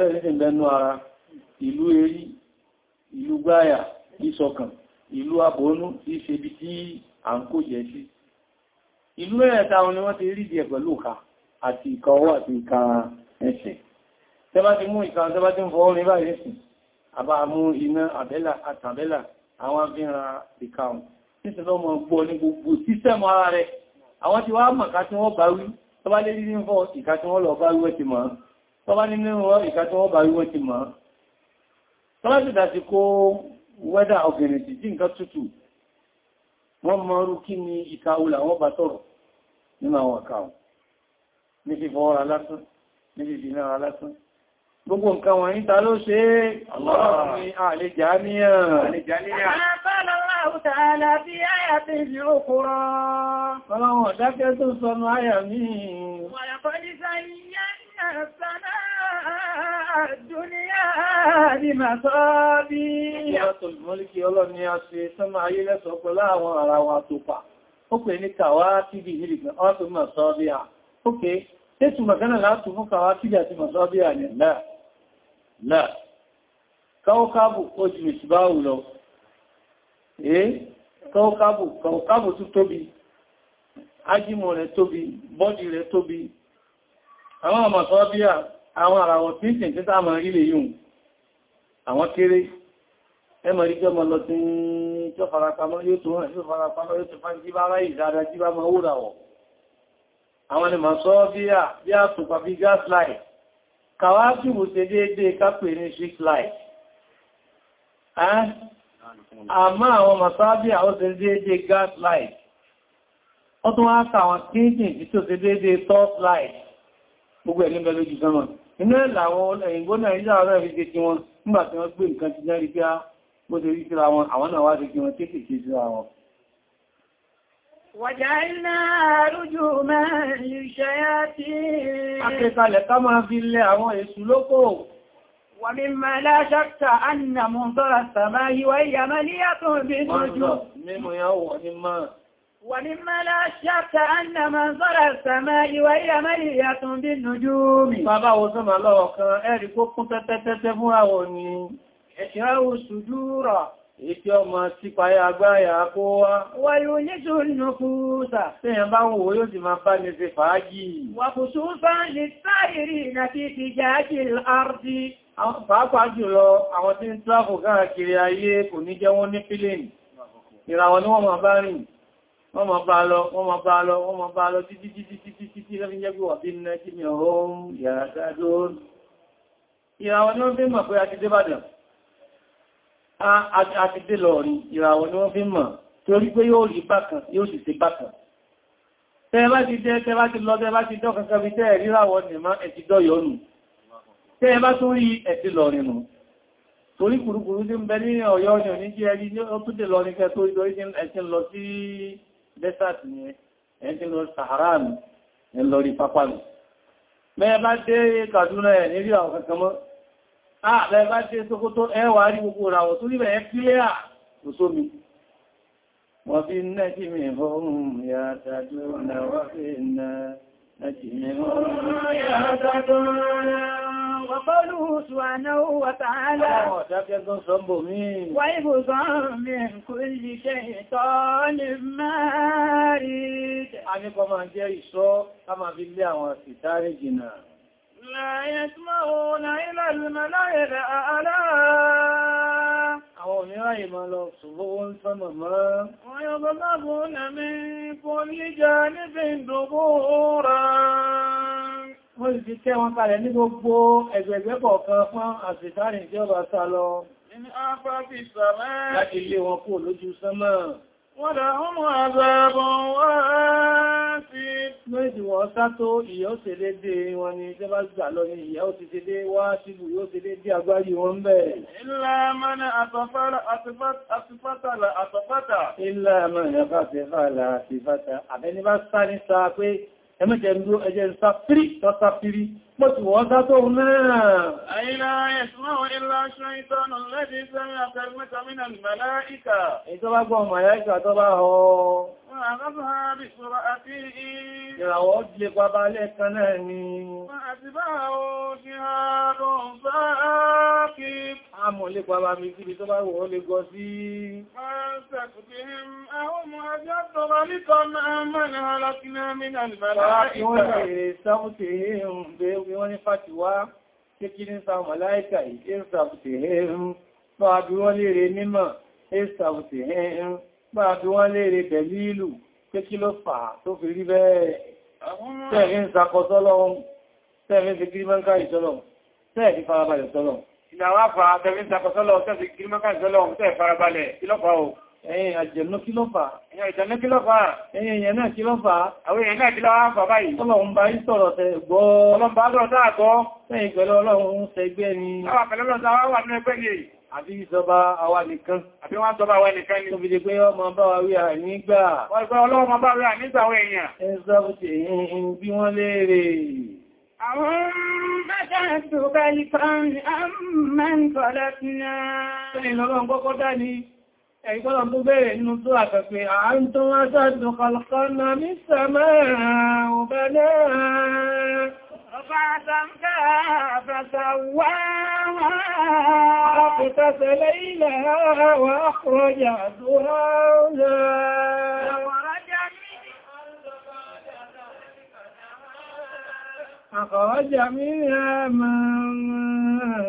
tí ṣe bí tí à ń kó jẹ sí ìlú mẹ́rẹ̀ta wọn ni wọ́n ti rí díẹ̀ pẹ̀lú ìka àti ìka àti ìka ẹsẹ̀ tẹ́bá ti mú ìkan tẹ́bá ti ń fọ́ orin báyìí sí àbá mú iná àbẹ́là àtàbẹ́là àwọn abínran ìkàun títí lọ́mọ gbọ́ ní gbogbo sísẹ́mù ara rẹ̀ àwọn ti wá mọ̀ká tí wọ́n bá wí tọ́bá lé ní fọ́ ìka tí wọ́n lọ bá wí ti mọ̀ tọ́bá ní nínú ìka tí wọ́n kí ni ìka olà wọ́n bá tọ̀rọ̀ nínú àwọn àkàun ní fífọ́ ọ̀rà lásán ní fífi náà lásán gbogbo nǹkan wọ̀nyí ta ló ṣe Allahumma àlejàníyàn Ọlọ́run ọ̀dákẹ́ tó sọnù àyà mi. Wàyàkọ́ ní sáyé yẹ́ ìrìnàṣánà àdúníyà ní màṣọ́bí. Ìyàtọ̀ ìmọ́líkì ọlọ́ni a ṣe sánmà ayé lẹ́sọ̀ pẹ̀lú àwọn ara wa tó pa. Ó pè ní kàwá tíbi ìrìnà, ọ́ tó màṣọ́bí à. Ó pè, tẹ́tù màgánà látù fún kàwá tíbi àti màṣọ́bí à nílẹ̀ náà káwọ́kábù ó ju ìsìbáwù lọ èé káwọ́kábù káwọ́kábù tún tóbi ájímọ̀ rẹ̀ tóbi bọ́dì rẹ̀ tóbi àwọn ọmọ sọ́bíà àwọn àràwọ̀ tí ìsìn tí sáàmà ilé yìí àwọn kéré ẹmọ̀ rí jọmọ lọ tí tó farapamọ́ yóò tó hàn yóò farapamọ́ yóò tó fà jí bá ráyì dáadáa jí bá máa wúràwọ̀ àwọn ni mà sọ́bíà kàwàásùwò ṣe déédé kápẹ̀ ní six light àmá àwọn masábí àwọn ṣe déédé gas light wọ́n tún wá kàwọn kíntìn tí tó ṣe déédé top light gbogbo ẹ̀lú bẹ̀lú jù sánmà inú ẹ̀làwọ̀ ẹ̀yìnbó náà ìjà ọ̀rẹ́ fi ṣe kí wọn nígbàtí wọ́n gbé nǹkan ti jẹ́ rí pé á bó ṣe rí síra wọn àwọn náà wá ṣe kí wọn tètè ṣe síra wọn Wàjáìlá rújú máa ṣayátí. Akẹ́kalẹ̀ ká máa fi lẹ àwọn èṣù lókò. Wà ní máa láṣàkà annà mú tọ́rà sàmá yíwá ìyàmá ní yàtọ̀ bí lójú. Wà ní máa láṣàkà annà mú ní yàtọ̀ bí lójú mi. Bàbá wo sọ́mà Èkí ọmọ tí payá agbáyà kó wá. Wà yóò ní tó nù kúrúsà. Tíyàn bá ń wò yóò sì máa bá ní ṣe fàájì. Wà kò tó bá ní sáìrì na kí ti jáàjì àrùdí. Pàápàá jùlọ, àwọn tí ń tráfò káàkiri ayé kò ní jẹ́ wọ́n ní pílẹ̀nì. Ìràwọ̀ ni wọ́n máa bá rìn. Wọ́n máa bá lọ, wọ́n máa bá lọ, wọ́n máa bá lọ títí títí títí títí lọ́fí jẹ́ pé wà bí ní ẹjí mi ọ̀hún yàrá sáà lóòrùn. Ìràwọ̀ ni wọ́n fi mọ̀ pé a ti débàdàn àti dé lọ rí ìràwọ̀ ni wọ́n fi mọ̀ torí pé yóò rí bákan yóò sì ṣe bákan tẹ́ẹ̀bá ti dẹ́ tẹ́ẹ̀bá ti lọ tẹ́ẹ̀bá ti dọ́kan kan bí tẹ́ẹ̀ ríráwọ̀ nìmá ẹ̀tì dọ́yọ̀ nù tẹ́ẹ̀bá tó rí ẹ̀tì lọ rìnù torí kùrùkùrù tí ń bẹ ní ọ̀yọ́ Sahara ni ẹ̀ lọ rí pápá nù mẹ́ẹ̀bá dé ààbẹ̀ ah, bá ṣe sókótó ẹwà rí gbogbo ràwọ̀ tó níbẹ̀ ẹ́kílẹ́à kò sómi wọ́n fi nẹ́jì mi hóhùn yàtàdó na wọ́n fi nẹ́jì mi hóhùn yàtàdó na Wàbọ́lù ṣùwànáwó wàtàálà. Àwọn ọ̀dákẹ́ gan sọ́mbò mí. Wà ìbùsàn mi kò lè ṣe ìtọ́ ní máa rí. A ní kọ máa jẹ́ ìṣọ́, ká máa fi lé àwọn àfìtárì jìnà. لا يسمعون إلى الملائكة أعلى àwọn mìíràn ìmọ̀ lọ ṣùgbọ́n sánmà máa wọ́n yọ bọ́lábọ́ na mi kò níjà níbi ìdògbò rà wọ́n sì tẹ́ wọn kalẹ̀ ní gbogbo ẹgbẹ̀gbẹ́ kọ̀ọ̀kan fún àṣìkárìn tí ọba sá lọ láti lé wọn kò lójú sánmà Wọ́n àzàbọ̀n wá sí méjì wọ́n sátó ìyà ó ṣe dédé wọn ni jẹ́ bá gbà lọ ní ìyà ó ti ṣe dé wá sílù yóò ṣe dédé agbárí wọn bẹ̀. Ilá mẹ́rin àtọ̀fátàlà àtọ̀fátà. Ilá mẹ́rin àtọ̀fátàlà àtọ̀fátà. ń dúró ẹjẹ́ ń sá fírí tọ́sá fírí mo ti wọ́n dá tó náà. Àìlá ẹ̀sùnmáwọ̀ ilá ṣe ìtọ́nà lẹ́bí sẹ́rìn àtẹ́gbẹ́ta mínà Ìràwọ̀ lè bàbá lẹ́ẹ̀kan náà ni. Àmọ̀ lè bàbá mi síbi tó bá wù ọ́ lè gọ sí. Kékiri ń sa màláíkà yìí, ń sàbùtì ẹ̀rùn, fàbí wọ́n lè rẹ̀ mímọ̀, ń sàbùtì ẹ̀rùn máa fi wọ́n léèrè pẹ̀lú ìlú pé ló fà tó fi rí bẹ́ẹ̀ tẹ́ẹ̀rí ń sakọsọ́lọ́run fi gírímọ́ǹkà ìṣọ́lọ̀ tẹ́ẹ̀rí farabalẹ̀ sọ́lọ̀ ìlàwà fà tẹ́ẹ̀rí sakọsọ́lọ̀ tẹ́ẹ̀rí gírímọ́ǹkà ìṣọ́lọ̀ tẹ́ẹ̀ farabalẹ̀ ìlọ́pàá o ẹ̀yìn àjẹ̀nú kí ló fà? ẹ̀yìn kí àbí ìjọba àwa nìkan àbí wọ́n jọba àwa nìkan ni tó fi jẹ pé ọmọ bá wa rí àà nígbà wọ́n ìgbà ọlọ́wọ́ bá rí àà nígbà àwọn èèyàn ẹzọ́bùtì èyí bí wọ́n léèrè àwọn bẹ́ta ṣùgbà nìkan Ẹ̀gbọ́n tó bẹ̀rẹ̀ nínú tó àkàfẹ́, à tó wá sáàdùn kọlọ̀kọ́ náà ní sàmẹ́ àwọn رفعتها فسواها أقتس ليلها وأخرج ضهاها أخرج منها ماءها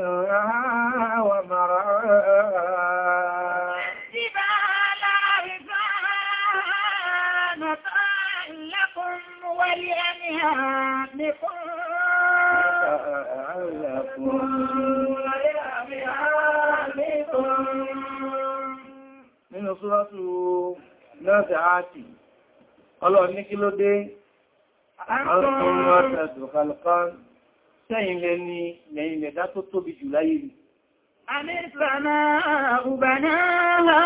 ومرعاها جبال عرفان طال لكم ولأنهار لكم لعلكم nínú súrátù Náàtì ọlọ́run ní kí ló dé ọlọ́run ọ̀tẹ̀dù kalkan sẹ́yìn lẹ ní lẹ́yìn lẹ̀dá tó tóbi jù láyé rí Amísànà àbúgbànáà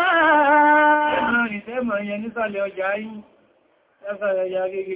ẹ̀mọ̀ ìfẹ́mọ̀ yẹn nísàlẹ̀ ọjà yìí,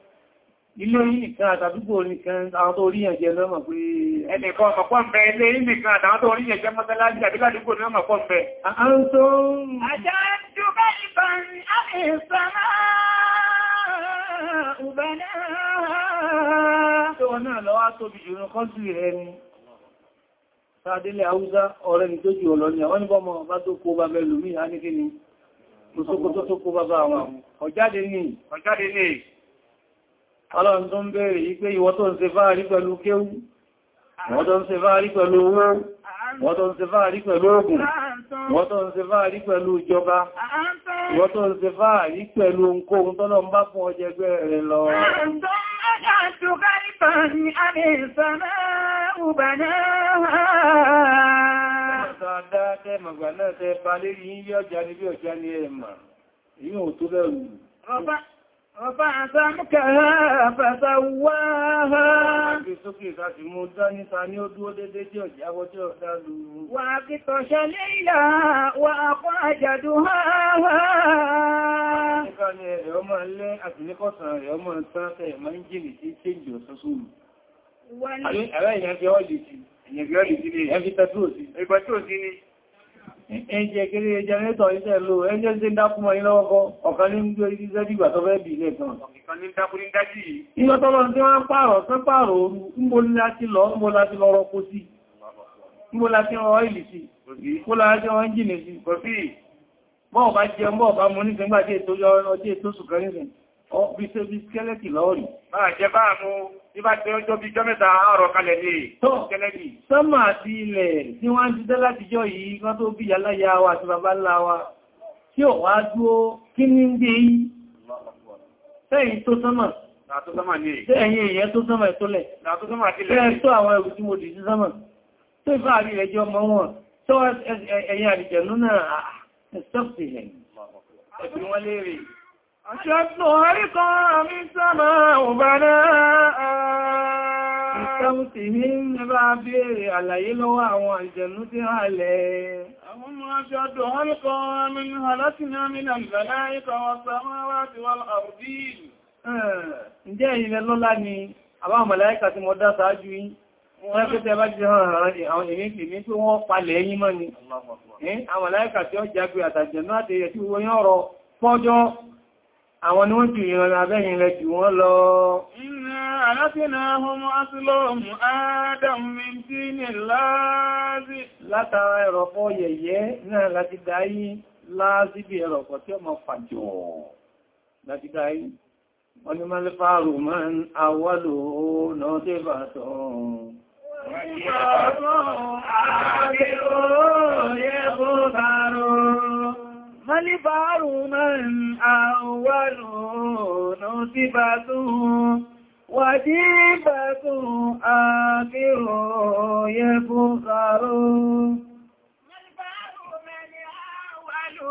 ilé yìí nìkan àtàdúgbò nìkan àwọn tó oríyàn jẹ lọ́mọ̀ pé ẹnìkan ọmọ̀pọ̀ ń bẹ ilé yìí nìkan àtàwọn tó oríyàn jẹ mọ́sálásí àbí ládùúgbò ní ọmọ̀pọ̀ ń bẹ. àwọn tó ń àjọ ẹ̀dùgbẹ́ ìbọn àmì ìsànà sáadélé haúsá ọ̀rẹ́ ni tó jù ọ̀lọ́ ni àwọn níbọ̀ mọ̀ bá tó kó bá mẹ́lùmí á ní kí ni tó tó kó bá bá àwọn ọ̀jáde ní ọ̀jáde ní ọlọ́run tó ń bèèrè yí pé ìwọ tó ń ṣe fáàrí pẹ̀lú kéwú wọ́n tó ń ṣe fáàrí pẹ̀lú owó wọ́n tó ń ṣe fáàrí pẹ̀lú ogun wọ́n tó ń ṣe fáàrí pẹ̀lú ìjọba wọ́n tó ń ṣe fáàrí pẹ̀lú ohunkóhun tọ́lọ ń bá fún ọjẹ́ gbẹ́ رفع سمكها فسواها وأقطش ليلها وأخرج دهاها Àwọn ìyàn ti ọ́ lè ti, ìyàn sí ni. ẹjẹ́ kéré jẹnẹ́tọ̀ iṣẹ́ ló ẹjẹ́ tí ń dákúnmọ̀ ní lọ́wọ́kọ́ ọ̀kan ní ń gbé iṣẹ́ dìgbà tó fẹ́ bí ilẹ̀ kan ìgbà tọ́lọ́ tí wọ́n pààrọ̀ tán pààrọ̀ oru ńgbó láti lọ ńgbó láti lọ rọ́kó sí ńgbó láti rọ ìlì sí kó láti rọ ìjìnlẹ̀ sí kò sí bọ́ọ̀ bá jẹun bọ́ọ̀ bá mú nígbà nígbà tí ètò yọ ọjọ́ ètò sùkẹ́rìnrìn ọ bí ṣe bí skẹ́lẹ́tì lọ́ọ̀rì máa jẹ báà mú Nígbà tí ọjọ́ bí jọ mẹ́ta àárọ̀ kalẹ̀ ní ìtẹ́lẹ̀ ní. Sọ́mà àti ilẹ̀ tí wọ́n ń jíṣẹ́ láti jọ yìí, wọ́n tó bí aláyà wa àti bàbá ńlá wa, tí ò wá dúó kí ní ń gbé yìí. Sẹ́yìn tó sọ́mà. Sẹ́yìn èèyàn tó sọ́mà ìtọ́lẹ̀. Sẹ́yìn tó àwọn ẹrù tí mo dì sí sọ́mà. Tó ìfà àrí أشد هرقا من سماء بناء Ìtẹ́mùsìmí ní bá bèèrè àlàyé lọ́wọ́ àwọn ìjẹ̀nú tí a lẹ̀. Àwọn ọmọ aṣọ́dọ̀ ọlọ́kọ̀ min halatina min al-malaika wa samawati wal ardin. Ǹjẹ́ ilẹ̀ lọ́lá ni, àbáwọn màláíkà tí mo dá sáájú yìí, wọ́n pẹ́ tẹ́ bá jẹ́ àwọn èmì ní pé wọ́n palẹ̀ yìí mọ́ ni. Eh, àwọn màláíkà tí ó jágbé àtàjẹ̀ náà àwọn ni wọ́n ti ìran abẹ́yìn rẹ̀ jù wọ́n lọ. Iná aláfínà ọmọ asìlọ́mù Adam mintí ní láàázi. Látara ẹ̀rọ̀pọ̀ yẹ̀yẹ́ náà láti dáyí láàázi bí ẹ̀rọ̀pọ̀ tí ó mọ fàjọ̀ láti dáyí. Wọ́n ni máa lè fàárù máa ń àwọ́lò náà dé bà sọ Mọ́líbàárùn-ún ولون صفة وجيبة آخر يفخر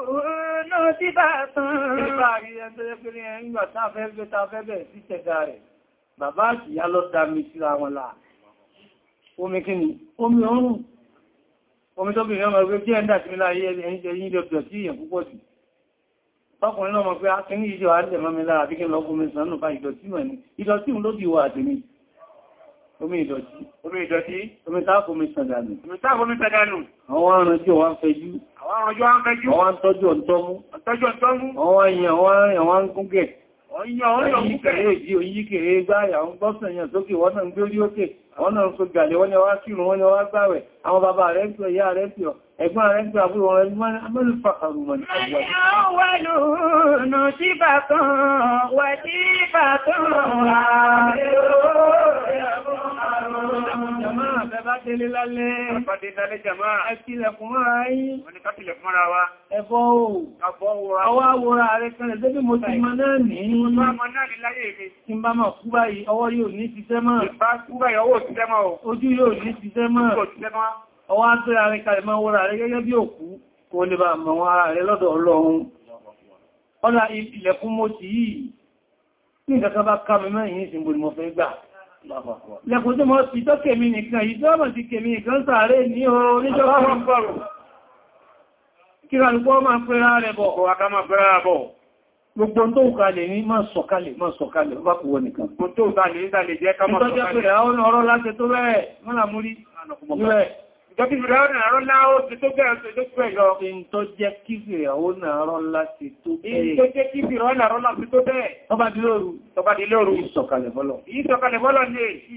Ọ̀nà tí bá tán. Nípa àríyẹ tó yẹ́ pé ní ẹ̀yìngbà táfẹ́ gbé táfẹ́ bẹ̀rẹ̀ sí tẹ̀dá rẹ̀. Bàbá àti ìyá lọ dá mi síra wọn láà. Omi kí ni? Omi ọrùn. Omi tó bí ìrẹ́mọ̀ ẹgbẹ́ bí ẹ̀ndà sí mi láyé ẹ̀yìn jẹ́ yìí lọ ọkùnrin náà mọ̀ pé a ah, ti ní ìjọ àrílẹ̀ mọ́mí lára bí kí n lọ́gbọ́n mi sànú bá ìdọ̀tí mọ̀ ní ìdọ̀tí ló bí wà àti mi omi ìdọ̀tí omi ìdọ̀tí omi táàkù mi sàdánù omi táàkù mi sàdánù àwọn arànjú wọn fẹjú àwọn arànjú wọn fẹjú ẹ̀gbọ́n rẹ̀ gbà àbúrò rẹ̀ mẹ́lú fàkàrù mọ̀ ní àgbà. Àwọ̀lùnù tí bàtàn wà tí bàtàn Ọwọ́ àwòrán ààrẹ kan ẹ̀dẹ́ bí mo ti máa náà ní ìbámọ̀ kú báyìí ọwọ́ yóò ní ti sẹ́mọ̀. Ìbá kú báyìí ọwọ́ ti sẹ́mọ̀. Ojú yóò ní ti sẹ́mọ̀ ọwọ́ á pé ààrẹ kalẹ̀ máa wọ́ra rẹ̀ gẹ́gẹ́ bí òkú kò lè bá mọ̀ wọn ara rẹ̀ lọ́dọ̀ ọlọ́run ọlá ilẹ̀kún mo ti yìí ní ìdákan bá ká mẹ́mẹ́ yìí sí gbogbo mọ̀fẹ́ gbà lẹ́kùn tó mọ́ sí tó kèmí nìkan yìí tó mọ̀ sí kèmí nìkan sàárè ní oníjọba Gbogbo tó ń kalẹ̀ ní máa sọ̀kalẹ̀ máa sọ̀kalẹ̀ bá kúwọ nìkan. Gbogbo tó ń kalẹ̀ ní ìdàlẹ̀ jẹ́ ká máa sọ̀kalẹ̀. Ìtọ́jẹ́ pẹ̀lẹ̀ àwọn ọ̀rọ̀ láti tó rẹ̀ mọ́lá múrí. Tọ́kí Fìràún àrọ́ láó ti tó bẹ̀rẹ̀ sí tó bẹ̀rẹ̀ lọ. In tó jẹ́ kí Fìràún àrọ́ láti tó bẹ̀rẹ̀. In tó jẹ́ kí Fìràún àrọ́ láti tó bẹ̀rẹ̀. Tọ́bá di lóru. Tọ́bá di lóru. Ìsọ̀kalẹ̀ bọ́lọ̀. Ìsọ̀kalẹ̀ bọ́lọ̀ ní èyí.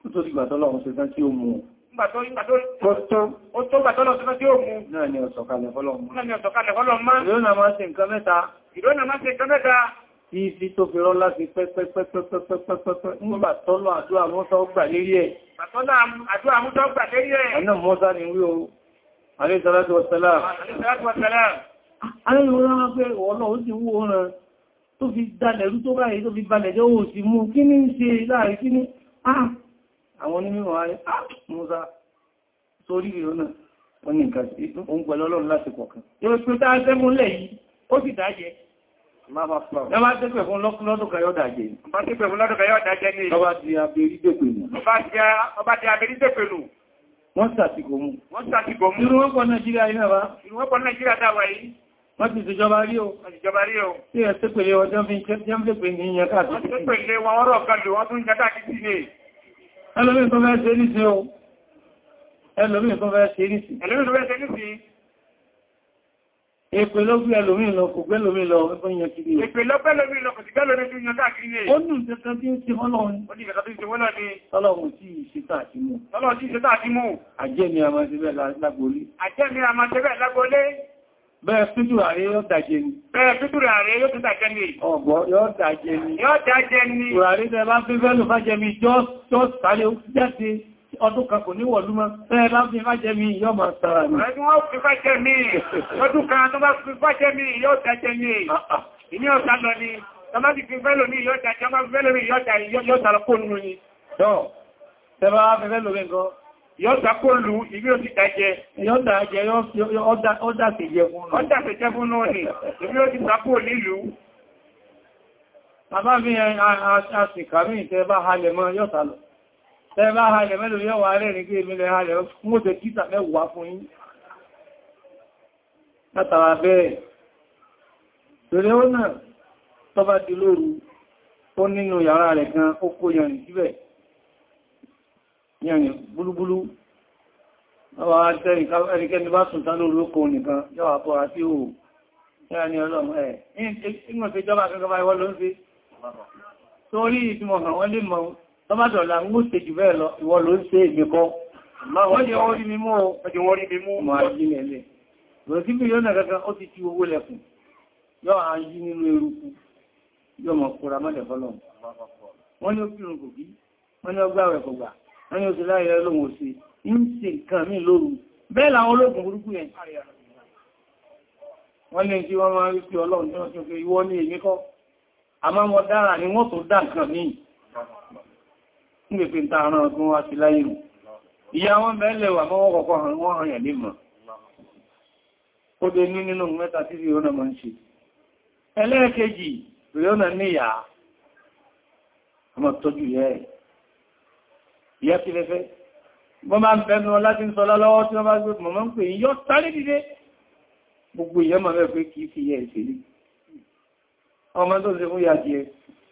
Kú tó dìgbà tọ́lọ̀ ọ̀sẹ̀ tán tí ó mú. Ìgbà tó ìgbà tó ó tó gbà tọ́lọ̀ ọ̀sẹ̀ tán tí ó ìdí tó fi rọ́lá fi pẹ́pẹ́pẹ́pẹ́pẹ́pẹ́pẹ́ nígbà tọ́lọ àdúrà Mùsá gbà lérí ẹ̀. Àtọ́lọ àdúrà Mùsá gbà lérí ẹ̀. Ẹ̀nà Mùsá ni wí o, alayhi salatu wa salam. Alayhi salatu wa salam. Alayhi wọ́n rán pé ọ̀nà ó sì wú ọ̀ràn tó fi dalẹ̀ rú tó báyìí tó fi balẹ̀ jẹ́ ó sì mú kí ní ṣe láàrin kí ní ah! àwọn onímọ̀ ayé ah, Mùsá sórí ìrọ̀nà wọ́n ní nǹkan sí, ó ń pẹ̀lú ọlọ́run láti pọ̀ kan. Yóò pẹ́ tá a sẹ́múlẹ̀ yìí, ó Lọ́bá tẹ́pẹ̀ fún lọ́dún kan yọ́ dàjẹ́. Lọ́bá tẹ́pẹ̀ fún Wọ́n ti ṣèjọba rí o. Wọ́n ti ṣèjọba rí ọjọ́ fi jẹ́ ń fẹ́pẹ̀ ní ìyẹn káàkiri. Wọ́n tẹ́pẹ̀lẹ̀ wọn ọ̀rọ̀ kan lò wọ́n tún jẹ́ káàkiri ní. Ẹlòmí tó ṣe ní sí o. Ẹlòmí tó ṣe ní sí. Èpè ló gbé ẹlòmíì lọ, kò gbé lómi lọ, ẹgbẹ́ ìyàn kiri. Èpè ló gbé lómi lọ, kò sì gbé lómi lọ, ìyàn káàkiri rẹ̀. Ó nù ìjẹta tí ó ti wọ́n lọ ní. Ó ní ìjẹta tí ó ti wọ́n lọ ní. Ọlọ́run tí ìṣẹ́ta àti mú. Ọlọ́run tí ìṣẹ́ta àti mú. Àjẹ́ ni a máa ṣe bẹ́ẹ̀ lágbólé. Àjẹ́ ni a máa ṣe bẹ́ẹ̀ lágbólé. Bẹ́ẹ̀ fíjú ààrẹ yóò dàjẹ́ ni. Bẹ́ẹ̀ fíjú ààrẹ yóò tún dàjẹ́ ni. Ọ̀gbọ́ yóò dàjẹ́ ni. Yóò dàjẹ́ ni. Tùràrí tẹ bá fífẹ́ lò fájẹ́ mi jọ́ sáré ó jáde ọdún kan kò ní wọ̀lú mọ́ ẹ bá fi fájẹ́ mi yọ́ máa tààrà mi ẹni wọ́n fi fájẹ́ mi ọdún kan tó bá fi fájẹ́ mi yọ́ tàjẹ́ mi ìní ọ̀sá lọ ni tọ́bá ti fi fẹ́lò mi yọ́ tàjẹ́ máa fi fẹ́lò mi yọ́ tàjẹ́ yọ́ tàjẹ́ kó nù ni tọ́ tẹ́bá fi fẹ́lò mi gan ìtẹ́ bá halẹ̀ mọ́ yọ́ta lọ. Ẹ bá halẹ̀ mẹ́lò yọ́ wà rẹ̀ ní pé ìmìlẹ̀ halẹ̀ mú tẹ kíta mẹ́wàá fún yín. Látara bẹ́ẹ̀. Tòrẹ ó náà tọ́ bá di lóru, ó nínú yàrá rẹ̀ gan ó kó yànrìn síbẹ̀. Yànrìn búlúbúlú. Ọwọ́ àtẹ́ ẹnikẹ́ni bá sùn tán lóru ó kó nìkan, yọ́ àpọ̀ àti òhù ní ọlọ́run ẹ̀ tọ́mátọ̀lá ń mú ṣe jù bẹ́ẹ̀ lọ ìwọ ló ń ṣe ìgbẹ̀kọ́ wọ́n ni wọ́n rí mímú ọjọ́ wọ́n rí mímú mọ̀ àjílẹ̀lẹ̀ rọ̀ sí mílíọ̀n náà kankan ó ti ti owó lẹ́kùn yọ́ àyí nínú eruku yọ́ mọ̀ kóra mọ́dẹ̀ fọ́lọ̀ wọ́n ni ó kírun kò kí wọ́n ni ó gbá rẹ̀ kò gbà wọ́n ni ó ti láyé lóhun ó ṣe ń ṣe nǹkan mí lóru bẹ́ẹ̀ làwọn ológun burúkú yẹn wọ́n ní tí wọ́n máa rí ọlọ́run tí wọ́n ní èmi kọ́ àmọ́ wọn dára ni wọ́n tó dá nǹkan míì nígbèfin tààrán ọdún wá sí láyé rù ìyá wọn mẹ́lẹ̀ wà mọ́wọ́ kọ̀kọ́ wọ́n hàn yẹ̀ nímọ̀ ó dé ní nínú mẹ́ta tí ìrọ́nà mọ́ ń ṣe ẹlẹ́ẹ̀kejì ìrọ́nà níyà ọmọ tọ́jú yẹ́ ìyá kí lẹ́fẹ́ wọ́n máa ń bẹnu láti ń sọlá lọ́wọ́ tí wọ́n bá gbé mọ̀mọ́ ń pè yí yọ́ gbogbo ìyẹ́ mọ̀ kìí fi yẹ́ ìṣèlú ọmọ tó ṣe fún yà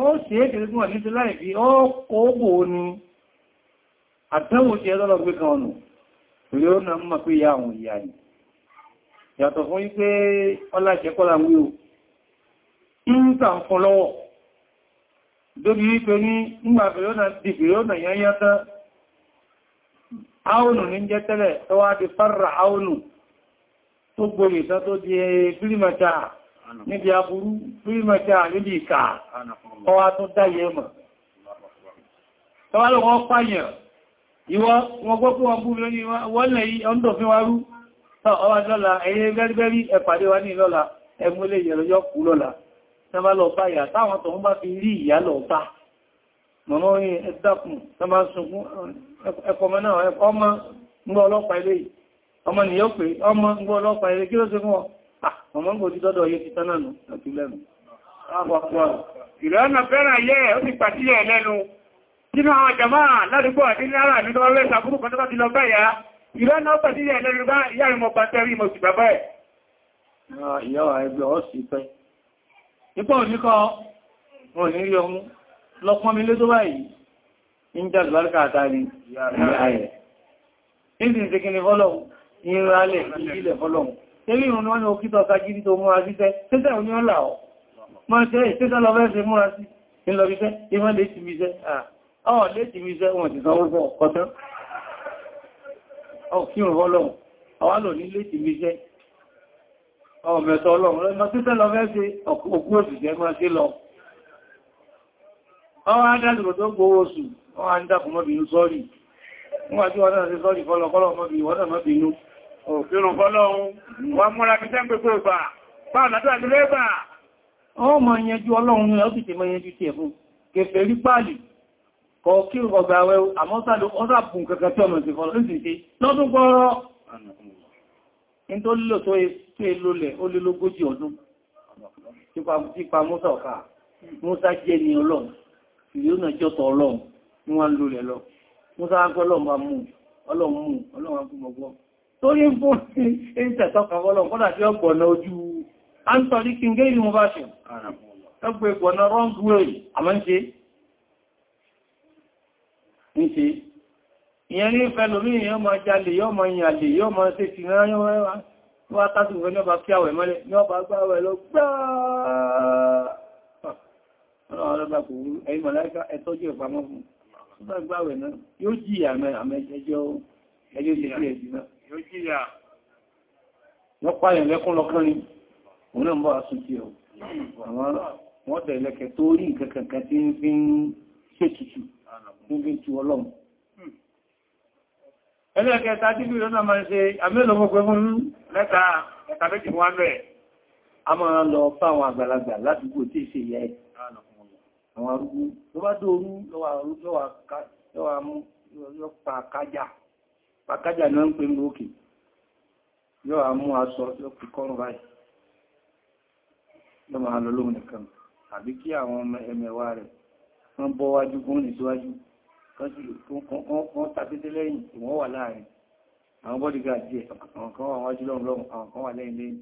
wọ́n ṣe é kìí fún àníṣẹ́ láìfí ọkọ̀ ogbò ni àtẹ́wò ti ẹlọ́lọ́ gbé kan ọ̀nà rí ó na mọ́ pé ya àwọn ìyá ni yàtọ̀ fún wípé ọláṣẹ́kọ́lá wí o ń tàn fún lọ́wọ́ níbi aburú fíìmọ̀tí àríbì ìkà ọwá tó dáyé mọ̀. tọ́wálọ́ wọ́n pààyàn ìwọ́ wọ́n gbọ́ fún ọgbú lórí wọ́n lẹ̀ yí ọ́ndọ̀ fi wá rú ọwá lọ́la ẹ̀yẹ gẹ́gẹ́rí ẹ̀pàdé wa ní lọ́la ẹmúlé yẹ̀lọ́yọ́ kú lọ́la tọ́wálọ́ báyà táwọn tó ń bá fi rí ìyá lọ bá mọ̀mọ́ orin ẹ̀dàkùn tó máa sunkún ẹkọmọ náà ọmọ ń gbọ́ ọlọ́pàá ilé ọmọ nìyọ́ pé ọmọ ń gbọ́ ọlọ́pàá ilé kí ló ṣe fún ọ ọmọ ń gbòjú dọ́dọ̀ yé ti tánà nù àti lẹ́nu ìrẹ́nà fẹ́ràn yẹ́ ó ti pàtíyẹ̀ lẹ́nu nínú àwọn jàmáà ládùúgbò àti ní ara nínú ọlẹ́ ìsàkúrù kan tó bá ti lọ bẹ́ẹ̀ yá ìrẹ́nà ó pàtíyẹ̀ lẹ́nu bá ìyá ìmọ̀ pàtẹ́rí mo sì bàbá ẹ̀ ìyáwà ẹgbẹ́ ọ́ sì pẹ́ nípa òníkọ́ wọn ní rí ọmú lọ́pọ́n mi lé tó báyìí ń jà lùbáríkà àtàrí ìyá rẹ̀ Eré ìrùn wọn ni ó kítọ̀ ká jírí tó múra síṣẹ́, tẹ́tẹ́ òní ọ̀là ọ̀. Máa ṣe ìṣẹ́ta lọ fẹ́ ṣe múra sí, ìlọ̀bíṣẹ́, ìmọ́ lè ti mi ṣẹ́, ọ̀ lè ti mi ṣẹ́ wọn ti sanwó fọ́ ọ̀kọ́tán. Ọ̀ kí òun fọ́lọ́run, àwá lò ní lè ti mi ṣẹ́. Ọ̀ mẹ́ta ọlọ́run, lọ́mọ tẹ́tẹ́ lọ fẹ́ ṣe òkú òṣìṣẹ́ máa ṣe lọ. Ọwọ́ adájúmọ̀ tó gbówó oṣù, wọ́n á ń dákùnmọ́bìnú sọ́rì. Wọ́n wá tí wọ́n náà ṣe sọ́rì fọ́lọ́kọ́lọ́ mọ́bìnú, wọ́n náà mọ́bìnú òfin fọ́lọ́run wà múra kí tẹ́ gbogbo ìgbà báwọn látọ́ àti lẹ́bà ọmọ ìyẹnjú ọlọ́run ni ọdún ti mọ ìyẹnjú ti ẹ̀fún kẹfẹ́ rí pàálì kọ kí ọgbà àwẹ́ àmọ́sàdó ọ́sàpùn kẹkẹtí ọmọ ti fọ́lọ́ ní ti lọ́dún gbọ́rọ́ in tó lílò tó é e, e lólẹ̀ ó lé lógójì ọdún nípa mọ́sà ọ̀ká mọ́sà jẹ́ ni ọlọ́run ìlú náà jọ́tọ̀ ọlọ́run ní wọ́n lólẹ̀ lọ mọ́sà á gbọ́ ọlọ́run bá mú ọlọ́run mú ọlọ́run á gbọ́ torí ń fún sí ìtẹ̀tọ́kà wọ́lọ̀ kọ́dà tí ó gbọ̀nà ojú antori kingé ìlú bá ṣe ẹgbẹ̀ ìgbọ̀nà wrong way àmọ́ ń ṣe ń ṣe ìyẹn ní fẹ́lómí yọ́ ma jalè yọ́ ma yàlè yọ́ ma ṣe ti rán yọ́ wá tátù fẹ́ ní ọba kí àwẹ̀ mọ́lẹ̀ ní ọba gbáwẹ̀ lọ gbáà yóò jìyà lẹ́kún lọ́kàn òun náà bọ́ àsúnjẹ́ ọ̀ àwọn wọ́n tẹ̀ lẹ́kẹ̀ tó rí nǹkankan tí ń fi ń ṣètùtù ń fi tu ọlọ́run ẹlẹ́kẹta tí bí lọ́nà máa ṣe àmìlò pàkájà náà ń pè ń lókè yóò àmú aṣọ yóò fi kọrùn báyìí lọ́mọ alọ́lọ́mù nìkan àbí kí àwọn ọmọ ẹmẹ̀wà rẹ̀ wọ́n bọ́ wájú gún níṣíwájú kan tàbí lẹ́yìn tí wọ́n wà láàrin àwọn bọ́dìgá díẹ̀ àwọn kan wà wájú lọ́rùn àwọn kan wà lẹ́yìn lẹ́yìn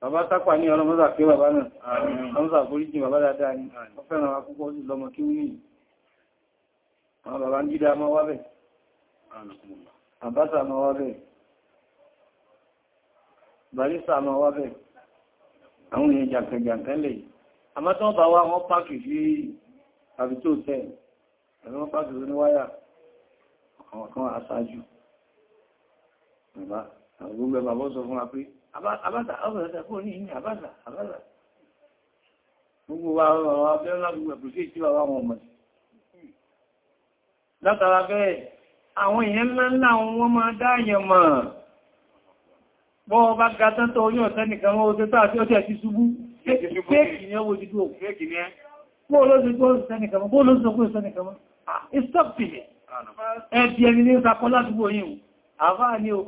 bàbá tápà ní ọlọ́mọ́sà pé bàbá náà ọmọ́sà foríjì bàbá dáadáa ni wọ́n fẹ́ràn wa púpọ̀ sí lọ́mọ kí wí àwọn bàbá ń dídá mọ́ wábẹ̀ àbátà ma wá bẹ̀ barista ma wá bẹ̀ àwọn èèyàn jàǹkẹ̀jàǹkẹ́lẹ̀ àmátọ́ bá wá wọ́n pàkì sí àbítò tẹ́ ẹ̀rọ wọ́n pàkì sí níwáyà àwọn kan aṣáájú gbogbo ẹ̀bà bọ́ sọ fún wa pé àbátà ọ̀fẹ́sẹ̀ fún ní ìní àbátà àbátà gbogbo wa ọ̀rọ̀ abẹ́rẹ́ lágbogbo ẹ̀pùsí ìtíwà wa àwọn èèyàn ńlá ńlá wọn máa dáyẹ̀ mọ̀ bọ́ ọba gata tó yóò tẹ́nìkan ó tẹ́tọ́ àti ọjọ́ ti ṣubú fẹ́ẹ̀kì ni ọwọ́ ìdíjú òkú fẹ́ẹ̀kì ni ẹ́ bó ló ti gbọ́ ìsẹ́nìkan bó ló ti gbọ́ ìsẹ́nìkan mọ́ ìsọ́pìlẹ̀ ah, ẹbí ẹni ní ìsakọ́ ládùúgbò yìí àfáà ni o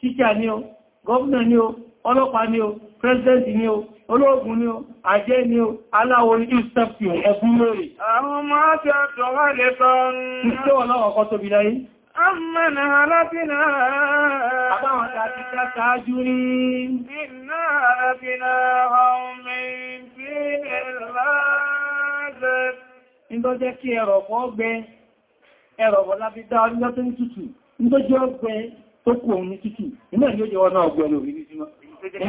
kíkà ni o gọ́ọ̀nà ni o ọlọ́pàá ni o pẹ́sidẹ́ntì ni o olóògùn ni o àjẹ́ ni o aláwọ̀ ní ìsọ́pìlẹ̀ ẹbú lórí àwọn ọmọ Amman halafina. Àbáwọn tàbí ṣáájú ní. Iná àfina ọmọ ìfínẹ̀ láàrẹ̀. Ìjọ jẹ́ kí ẹrọ̀pọ̀ ọgbẹ́, ẹrọ̀pọ̀ lábí dá ọdún tó ní tútù. Ìjọ jẹ́ ọgbẹ́ tó kú òun ní tútù. Iná ni ó jẹ́ wọ́n náà ọgbẹ́ lórí ní símọ́. Ìjọ jẹ́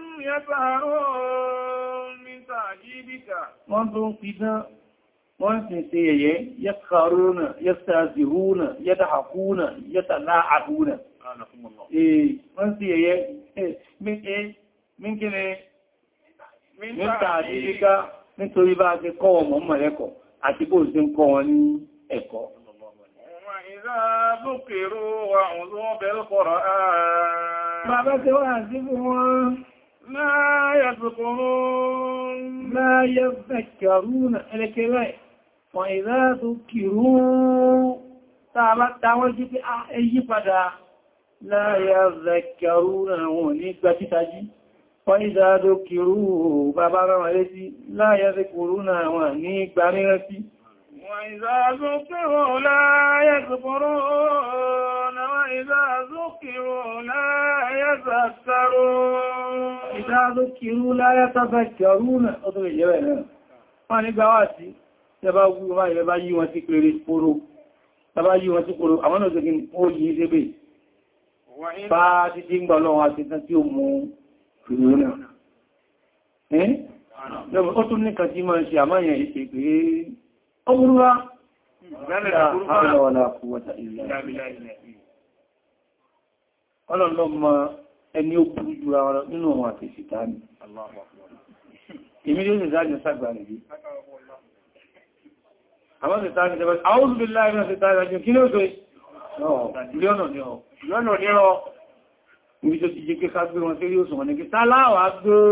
wọ́n tó ń pidán wọ́n sì ṣe yẹ̀yẹ́ yẹ́kàrúnà yẹ́sàzìrúnà yẹ́dàhàkúnà yẹ́tàláàrúnà wọ́n sì yẹ̀yẹ́ mínkínlẹ̀ e, mínta àdíjíká nítorí bá ti kọ́ ọmọ mọ̀lẹ́kọ̀ àti bó ṣe ń kọ́ wọn ní ẹ̀kọ́ Bàbá ti wá àti fún ما يذكرون ما يذكرون الكبائر وإذا ذكروا تابت تاوجد أي فدا لا يذكرون ونقبة تجي وإذا ذكروا بابا رمالتي لا يذكرون ونقبة رمالتي وإذا ذكروا لا يذكرون إذا ذكروا لا يذكرون إذا ذكروا لا يتذكرون ọdún ìyẹ́wẹ̀ náà wọ́n nígbà wá sí ẹbá wúwá ìrẹbá yí wọn sí pèrè pòrò tàbá yí wọn sí pòrò àwọn náà sókè ó yí sébè bá títí ń gbà lọ́wọ́ àti tán tí ó mú ọlọ́lọ́ mọ ẹni ó burú jù ara nínú àwọn àti ìsìtánì èmi ní ìsìtánì sàgbà nìbí àwọn ìsìtánì tẹ́bẹ̀ àwọn olùbílá ìrìnà ìsìtánì àjò kí ló ṣe lọ́nà ní ọ̀ lọ́nà ní ọ̀ níbi tó ti jẹ́ pé ká gbé ní kí táláwà gbé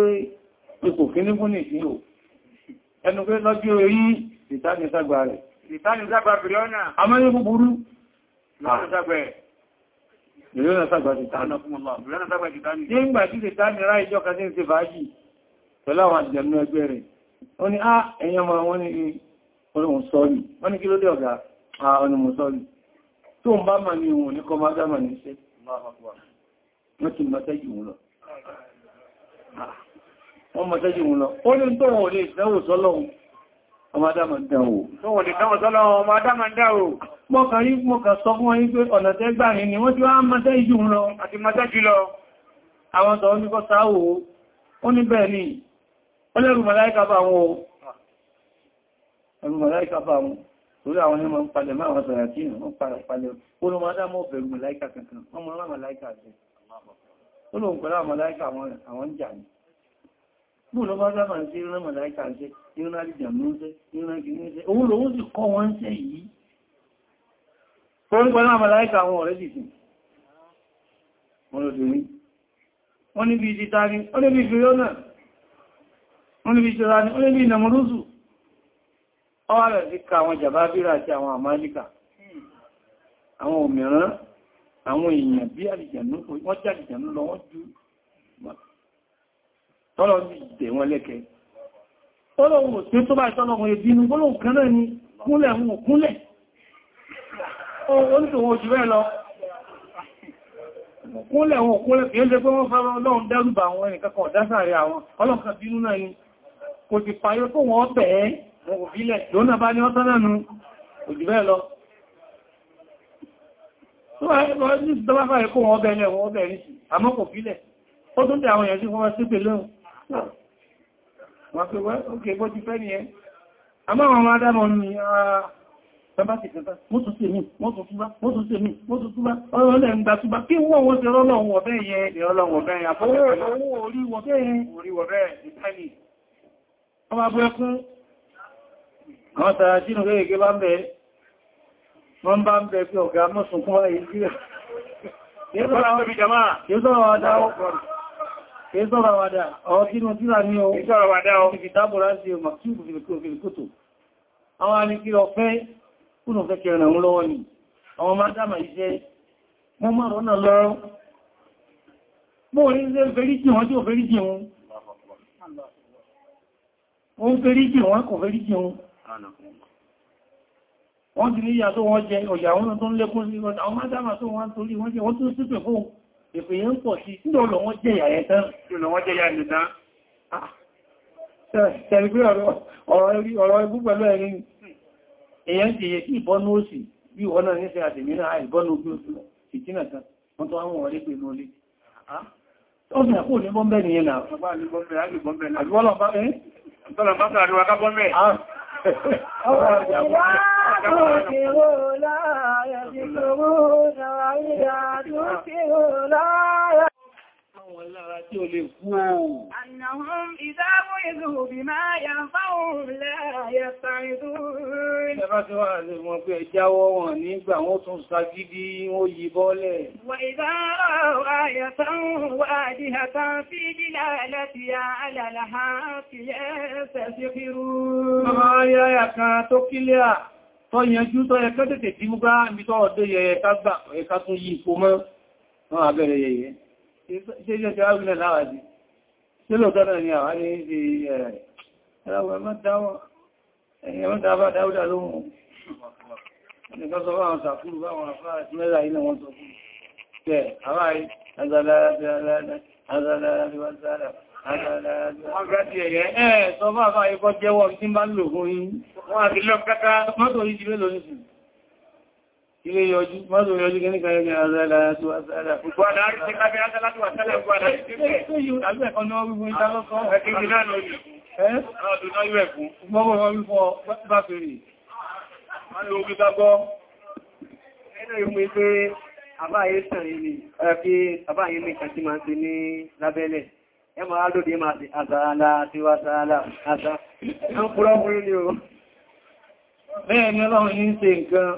ipò Ìrìnà sàgbà ti tánà fún Allah. Ìrìnà sàgbà ti tánà. Nígbà tí ti tánà rá ìjọ kan tí ń ṣe fàájì pẹ̀lú àwọn àjẹ̀mú ẹgbẹ́ rẹ̀. Ó ní, "Ah, ẹ̀yàn máa wọ́n ní ọlọ́run sọ́ọ̀lì." Wọ́n ní kí ló dé ọ̀gá? Ah, ọ̀nà mọ́kànrí mọ́kàn sọ fún wọ́n pé ọ̀nà tẹ́ gbà ní wọ́n tí wọ́n mọ́tẹ́ ìjú lọ àti mọ́tẹ́ jù lọ àwọn tọ́ ní kọ́ sáwò ó ní bẹ́ẹ̀ ní ọlẹ́rù màláíkà bá wọn ẹ̀rù màláíkà bá wọn torí àwọn ẹmọ ń palẹ̀ máa wọn sọ̀rọ̀ tí wọ́n palẹ̀ olùmọ́dá mọ́ bẹ̀rù màláíkà kankan wọ́n mọ́ màláíkà jẹ́ olóhùn pẹ̀lú màláíkà àwọn ń jà ní bú lọ bá sábà ń sí ìran màláíkà jẹ́ ìran àdìjà Torí pẹ̀lú àmàláìkà àwọn ọ̀rẹ́ dìkùn. Wọ́n ló dìrí. Wọ́n níbi ìdíta ní, ó níbi ìfìyọ́nà, wọ́n níbi ìṣẹ́ra ní, ó níbi ìnàmúrúsù. Ọwà rẹ̀ sí ka àwọn jàbábírà àti àwọn àmàlíkà. Àwọn òmìrán, àwọn èèyàn bí àlìjànú, lọ, wọ́n ju oníṣòwò jù rẹ̀ lọ kúnlẹ̀ wọn kúnlẹ̀ kìí ṣe pé wọ́n fẹ́ràn ọlọ́run dẹ́rùbà àwọn ẹnìkẹ́kọ̀ọ́ dásáre àwọn ọlọ́kan bínú náà ni kò ti parí kó wọ́n bẹ̀ ẹ́ wọn kò fílẹ̀ lónà bá ní ọ́tán náà nù òjì bẹ́ẹ̀ lọ Àmọ́ àwọn adámọ̀ ni ah, bàbá sì kẹta wọ́n tún sí èmi wọ́n tún túbá wọ́n tún sí èmi wọ́n tún túbá ọ̀rọ̀ lẹ́ ń gba túbá kí wọ́n wọ́n ti rọ́lọ́run ọ̀bẹ́ yẹn ìrọ́lọ́run ọ̀bẹ́ yẹn àpọ̀wọ́ orí àwọn tàrà àwọn anìkí kúrò fẹ́kẹ́ ràn ún lọ́wọ́ ni àwọn máa dámà iṣẹ́ wọ́n máa rọ́nà lọ bóò ní ṣe fẹ́ríjì wọ́n tí ò fẹ́ríjì wọn wọ́n fẹ́ríjì wọ́n kò fẹ́ríjì wọn wọ́n ti ní ìyà tó wọ́n jẹ ọ̀yà wọn tó ń lékún sí ọjà àwọn dámà tó wọ́n torí wọ́n jẹ wọ́n tó sípẹ̀ fún èpè yẹn pọ̀ sí nílò lọ wọ́n jẹ ìyà ah, ẹ̀ èyàn ti yẹ kí ìbọnú òsì bí wọ́n náà nífẹ́ àtìmínà àìbọnú ojú oṣù ìtínà kan wọ́n tó wọ́n wọlé pẹ̀lú olé ó sì àkó ní bọ́m̀bẹ̀ nìyẹn náà Àwọn wọn lára tí ó lè kú oòrùn. Ànàhùn ìdámú ìzù bí máa yà fáwọn lẹ́yà sàrìdúrí. Ẹbá tí wà lè mọ̀ pé ẹjáwọ́ wọn nígbà wọ́n tún sagídí wọ́n yí bọ́lẹ̀. Wà ìdá Tọ́ yanjú tọ́ ẹ̀kọ́ tètè tí mú bá ń bí tọ́ ọdọ́ yẹ ẹ̀ká tún yí ipò àbẹ̀rẹ̀ yẹ̀yẹ́ ṣe jẹ́ àwílẹ̀ láwàájí ṣe lọ́tọ́ náà ni àwọn ní ṣe ẹ̀rọ ẹ̀mọ́dáwà dáúdà lóhun nìkan sọ báwọn sàfúrú báwọn afárá tí mẹ́ra ilẹ̀ wọn sọ fún ẹ̀ àwárí azalára bí azalára bí wọ́n sára azalára bí wọ́n gbá ti ẹ̀yẹ ẹ̀ sọ bá ilé yọjú mọ́tò yọjú kí ní kàrẹ́ ní àzàlà àti àzàlà gbogbo àdárí tí káfẹ́ àzàlà àti àzàlà gbogbo àdárí tí kẹ́ Àbáyé sẹ̀rẹ̀ ni, ẹ̀fí àbáyé ní kàtí máa ti ní lábẹ́lẹ̀. Ẹ máa lòdí máa ti àzàrànlá àti wàzàrànlá àzá. Ẹ ń púrọ́ fún ní o. Bẹ́ẹ̀ ni ọlọ́run ní ṣe nǹkan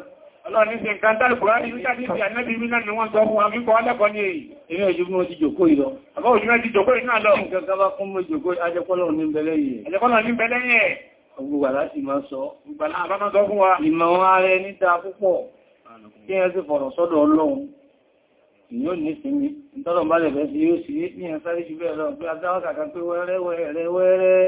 Ọlọ́run ní ṣe nǹkan tàbí Kùránì ní ṣàdí ìfẹ́ ànẹ́bí mínà ni wọ́n sọ fún wa fíkọ́ alẹ́kọ́ ní èyí. Èmi òjú mọ́ ti jòkó ìlọ. Àbá òjú mọ́ ti jòkó ìná lọ. Nǹkan ká bá kún mọ́ jòkó ajẹ́kọ́lọ̀ ní bẹ̀lẹ́ yìí. Ajẹ́kọ́lọ̀ ní bẹ̀lẹ́ yìí. Gbogbo àláti máa sọ. Gbogbo àlábá máa sọ fún wa. Ìmọ̀ ara ẹni dáa púpọ̀. Kí ẹ sì fọ̀rọ̀ sọ́dọ̀ Ọlọ́run yóò ní sinmi ìtọ́lọ̀ bá lẹ̀bẹ̀ sí yóò sí ní ẹ̀sáré ṣe bẹ́ẹ̀ lọ pé adáwọ́ kàkà pé wẹ́rẹ́ wẹ́rẹ́ wẹ́rẹ́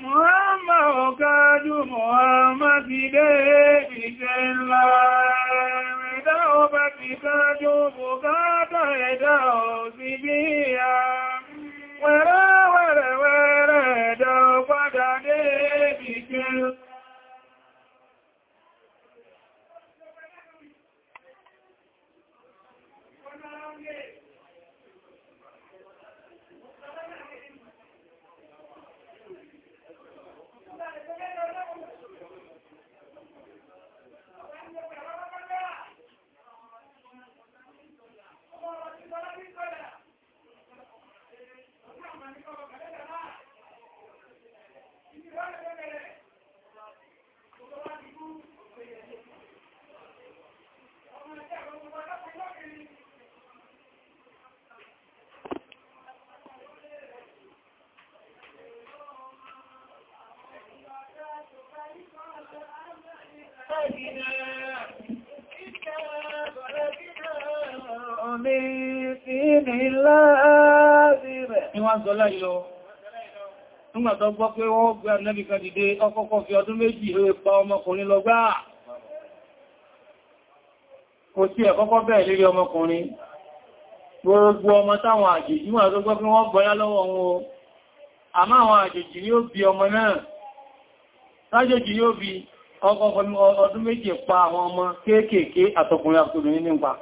Muhammad ọ̀gádù Muhammad ilé ìṣẹ́ ńlá ẹ̀dá ọba ti kájú bùkátà ẹ̀dá ọ̀ sí bí i sọ láì lọ gbọ́ pé wọ́n gbé ànábì kan dìde ọkọ́kọ́ fi ọdún méjì ewé pa ọmọkùnrin lọ gbáà kò sí ẹ̀kọ́kọ́ bẹ́ẹ̀ lérí ọmọkùnrin gbogbo ọmọ táwọn àjèjì wọ́n tó gbọ́ pé wọ́n gbọ́yá lọ́wọ́ wọn o àmá àwọn àjèjì yóò bí ọmọ náà lájèjì yóò bí ọkọ̀ọ̀kọ̀ ọdún méjì pa àwọn ọmọ kéékèèké àtọkùnrin àtọkùnrin nípa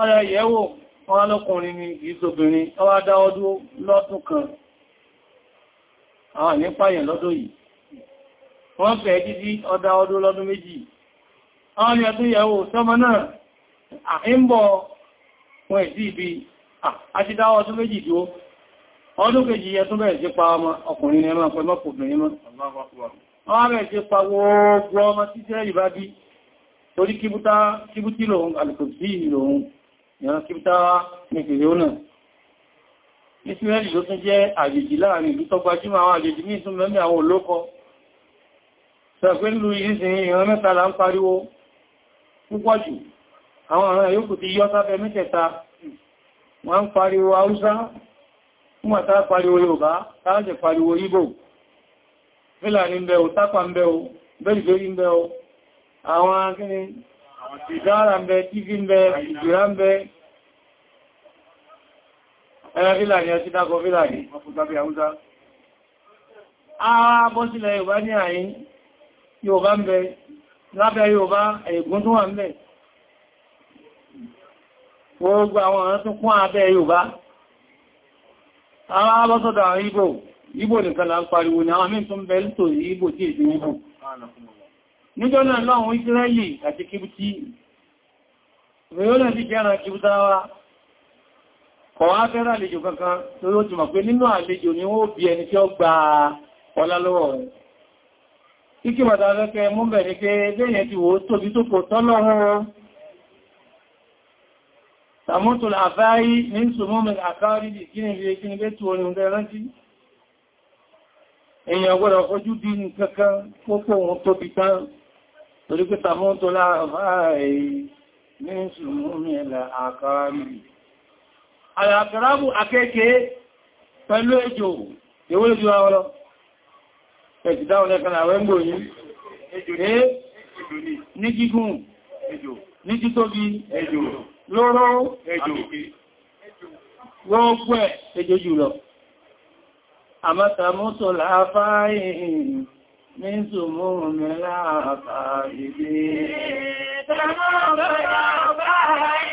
ọ̀rẹ́ yẹ̀wò wọ́n lọ́kùnrin ni ìṣòbìnrin ọwá dá ọdún lọ́dún kan àwọn nípàyàn lọ́dún yìí wọ́n fẹ́ títí ọdá ọdún lọ́dún méjì àwọn ìyàtún yẹ̀wò sọ́mọ náà àìmbọ̀ wọn ìsí ibi àti dá ọdún méjì tó ọdún kejì yẹ tún bẹ̀rẹ̀ sí pa ọmọ ọkùnrin ni ẹmọ́ pẹ̀lú ọkùnrin mọ́ wọ́n bẹ̀rẹ̀ sí pa gbogbo ọmọ títẹ́ ìbá bí torí kíbútí lòun alìkòsí lòun ìran kíptáwá ní fìrónà Ísírẹ́lì ló tún jẹ́ àjèjì láàrin ìlú tó gbajúmọ̀ àwọn àjèjì ní ìtún mẹ́mí àwọn olóko sàgbélú ìrísìn ìran mẹ́tàlá ń pariwo púpọ̀ jù àwọn àwọn yòókù ti yọ́ sábẹ́ mẹ́tẹ̀ta wọ́n ń pariwo Haúsá múwàtá pariwo Yorùbá tàájẹ̀ pariwo Ìgbò Fúlàní ń bẹ o Tápà ń bẹ o bẹ́rìbẹ́rì ń bẹ o àwọn akẹ́ni ìdára ń bẹ tífí ń bẹ ìgbìrá ń bẹ ẹ̀rẹ́ fílàní ọtí dákọ fílàní ọkùnkábí àwúzá ààbọ́sílẹ̀ Yorùbá ní àyín Yorùbá ń bẹ lábẹ́ Yorùbá ẹ̀gùn tó wà ń bẹ gbogbo àwọn ọ̀rán tó kún abẹ́ Yorùbá àwọn abọ́sọ́dọ̀ àwọn Ìgbò Ìgbò nìkan là ń pariwo ni àwọn mí níjọ́nà lọ́wọ́ Ísírẹ́lì àti kìbútí ìrìnlẹ̀ ti jẹ́ ẹran kìbútáwà kọ̀wá fẹ́rẹ̀ àlejò kankan tó ló ti mọ̀ pé nínú àlejò ni ó bí ẹni tí ó gba ọlá lọ́wọ́ rẹ̀ ikí bàtà lẹ́kẹ́ mú bẹ̀rẹ̀ pé lẹ́yìn ti wò ó tóbi tó kò tọ́lọ́run sàmútù àfáàrí ní sùmọ́mẹ̀ àkárí ìkíni ilé kíni bẹ́ tí orin rántí èèyàn gbọ́dọ̀ fojú dí nǹkankan kókò wọn tóbi tán torí pé tàbí tó lára báyìí ní ṣùgbọ́n ilẹ̀ àkàrábì alàkàrábù akẹ́kẹ́ pẹ̀lú ejò ìwé ìjú àwọn lọ ẹ̀sì dáwọn lẹ́kànlá rẹ̀ ń gbòyí ní gígùn ní títóbi lóró gbogbo ẹ̀ ejò jùlọ àmọ́tàmọ́tò láàfáà ní ṣùgbọ́ mẹ́lá àtàdìdì tọ́mọ́ bọ́yá bá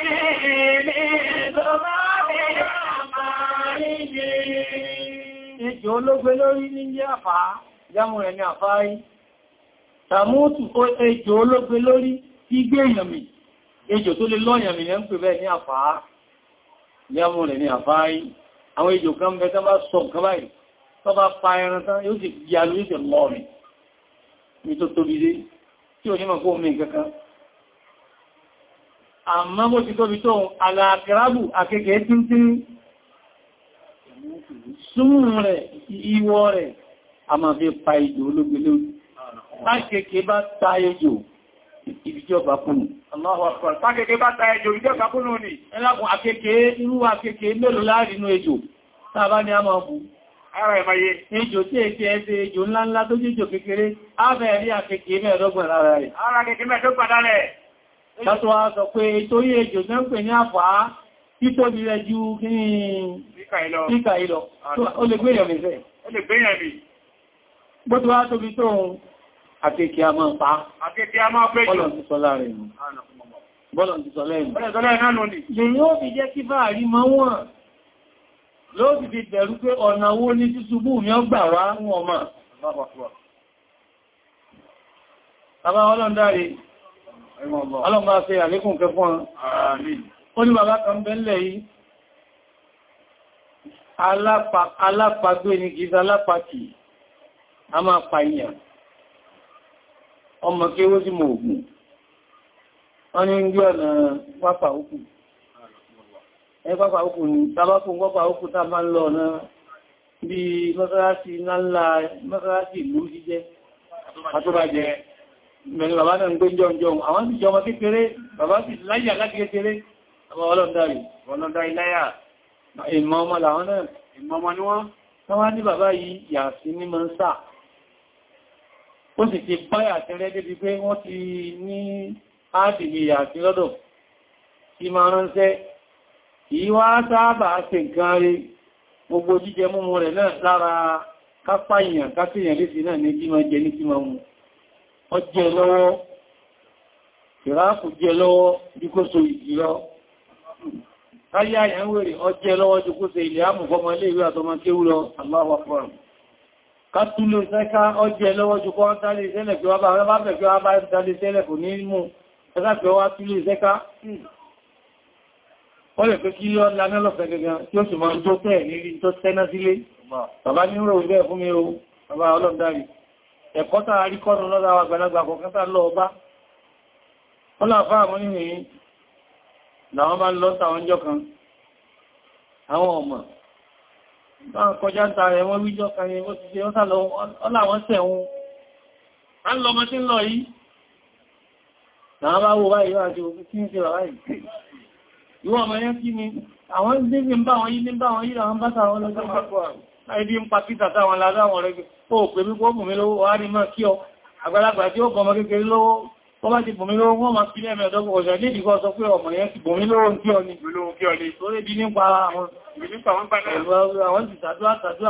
ilé tọ́mọ́ bẹ́yà máa rí ìjọ olóògbé lórí ní jẹ́ àfá jámù rẹ̀ ní àfáyí tàmútù kó ejò olóògbé lórí tí gbé èyànmì ejò tó lè lọ́yànmì ní ń pè bẹ́ẹ̀ ní àfá jámù rẹ̀ ní àwọn ejò kan bẹ tán bá sọ nǹkan báyìí tán bá pa ẹran tán yóò sì yà lórí ìṣẹ̀lọ́rin ní tó tóbi dé tí ò ní mọ̀ fún omi kankan àmọ́ bó ti tóbi tó alàkìrábù akẹ́kẹ́ tíntín súnmù rẹ̀ ìwọ rẹ̀ a máa fi pa ìjò ológbèlé lákẹ́kẹ́ bá ta ejò ìbíjọba kúnnù lákẹ́kẹ́ bá ta ejò ìbíjọba kúnnù ni ẹlákùn akẹ́kẹ́ irú akẹ́kẹ́ mélòó láàrin ejò tàbá ni a máa bú ara ìmáyé ejò tí èké ẹgbẹ́ ejò ńláńlá tó jíjò kékeré ábẹ̀ rí àkèkè mẹ́ẹ̀dọ́gbọ̀n lára rẹ̀ ara kèkè mẹ́ẹ̀dọ́gbọ̀n lára rẹ̀ tọ́tọ́ wá sọ pé torí ejò tẹ́ ń pè ní àfàá títóbi rẹ̀ ju kíkà ìlọ ó lè gbéyàn mẹ́fẹ́ bó ti wá tóbi tó àkèkè a máa pa bọ́lọ̀ ti sọ láàrin ló ti fi tẹ̀rú pé ọ̀nà owó ní ṣíṣubú mi ọgbà wá ń ọmọ bàbá ọlọ́ndáre ọlọ́mbà ṣe àlékún kẹ fún ọ ní bàbá kan bẹ́lẹ̀ yìí alápagbé ní gíza alápàkì a máa pa ìyàn ọmọ kéwó sí mọ̀ ògùn wọ́n ní ń gbé ọ̀nà wápà òkùn ẹgbàpá òkú ní tàbákùn gbọ́pá òkú tá máa ń lọ náà bí mọ́sálásí náà mọ́sálásí ìlú jíjẹ́ àtúbàjẹ́ mẹ́rin bàbá náà ń gbé jọun àwọn sì jọmọ kékeré bàbá sì láyà láti kékeré àwọn ọlọ́ndarì ọlọ́ndarì láyà ìmọ̀ ọmọ làwọn náà ìmọ̀ ni wọ́n wọ́n wá ní bàbá yìí yà sí ní mọ́ ń sà ó sì ti báyà tẹ́rẹ́ débi pé wọ́n ti ìwá sáábà ṣe nǹkan rí gbogbo jíjẹ múmú rẹ̀ lára kápá èèyàn kápèèyàn lè sí náà ní kí máa jẹ ní kí máa mú ọjẹ́ lọ́wọ́ ìráàkù jẹ lọ́wọ́ díkóso ìjìlọ káyé àyàn wèrè ọjẹ́ lọ́wọ́ díkóso ilẹ̀ àmùfọ́mọ ilé ìwé àtọmọ kéwú lọ aláwọ̀ fọ́rùn kátúlò ó lè pé kí yọ́ lánà lọ́fẹ́ gẹ́gẹ́ tí ó sì máa tó tẹ́ nírí tó tẹ́ná sílé bàbá ní rò bẹ́ẹ̀ fún mi o bàbá ọlọ́dárì ẹ̀kọ́ tàà rí kọ́nù lọ́dá wa gbàlagbà kọ̀ọ̀kan tà lọ bá ó láfá àwọn nìyí làwọn bá ń lọ tàwọn jọ kan àwọn ọmọ bá ń kọjá ń tààrẹ wọ́n wíjọ́ kan yẹn wọ́n ti ṣe ọ́sà lọ ọláwọ́n sẹ̀wọ̀n a ń lọ ọmọ tí ń lọ yìí làwọn bá wo báyìí ìwọ ọmọ yẹn kí ni àwọn ìdíje ń bá wọn yìí ní bá wọn yìí àwọn bá sára wọn lọ́jọ́ ẹbí ń pa pítà táwọn ládáwọn rẹ̀ ó pè mí pọ́pù mi lówó wá ní máa kí ọ àgbàlagbà tí ó bọmọ kékeré lówó tó bá ti bùnmí lówó wọ́n máa fi lẹ́mẹ̀ ọ̀dọ́gbọ̀ ọ̀ṣẹ̀ ní ìdíkọ́ sọ pé ọmọ yẹn ti bùnmí lówó ni torí bí nípa àwọn ìsàdúrà tàdúrà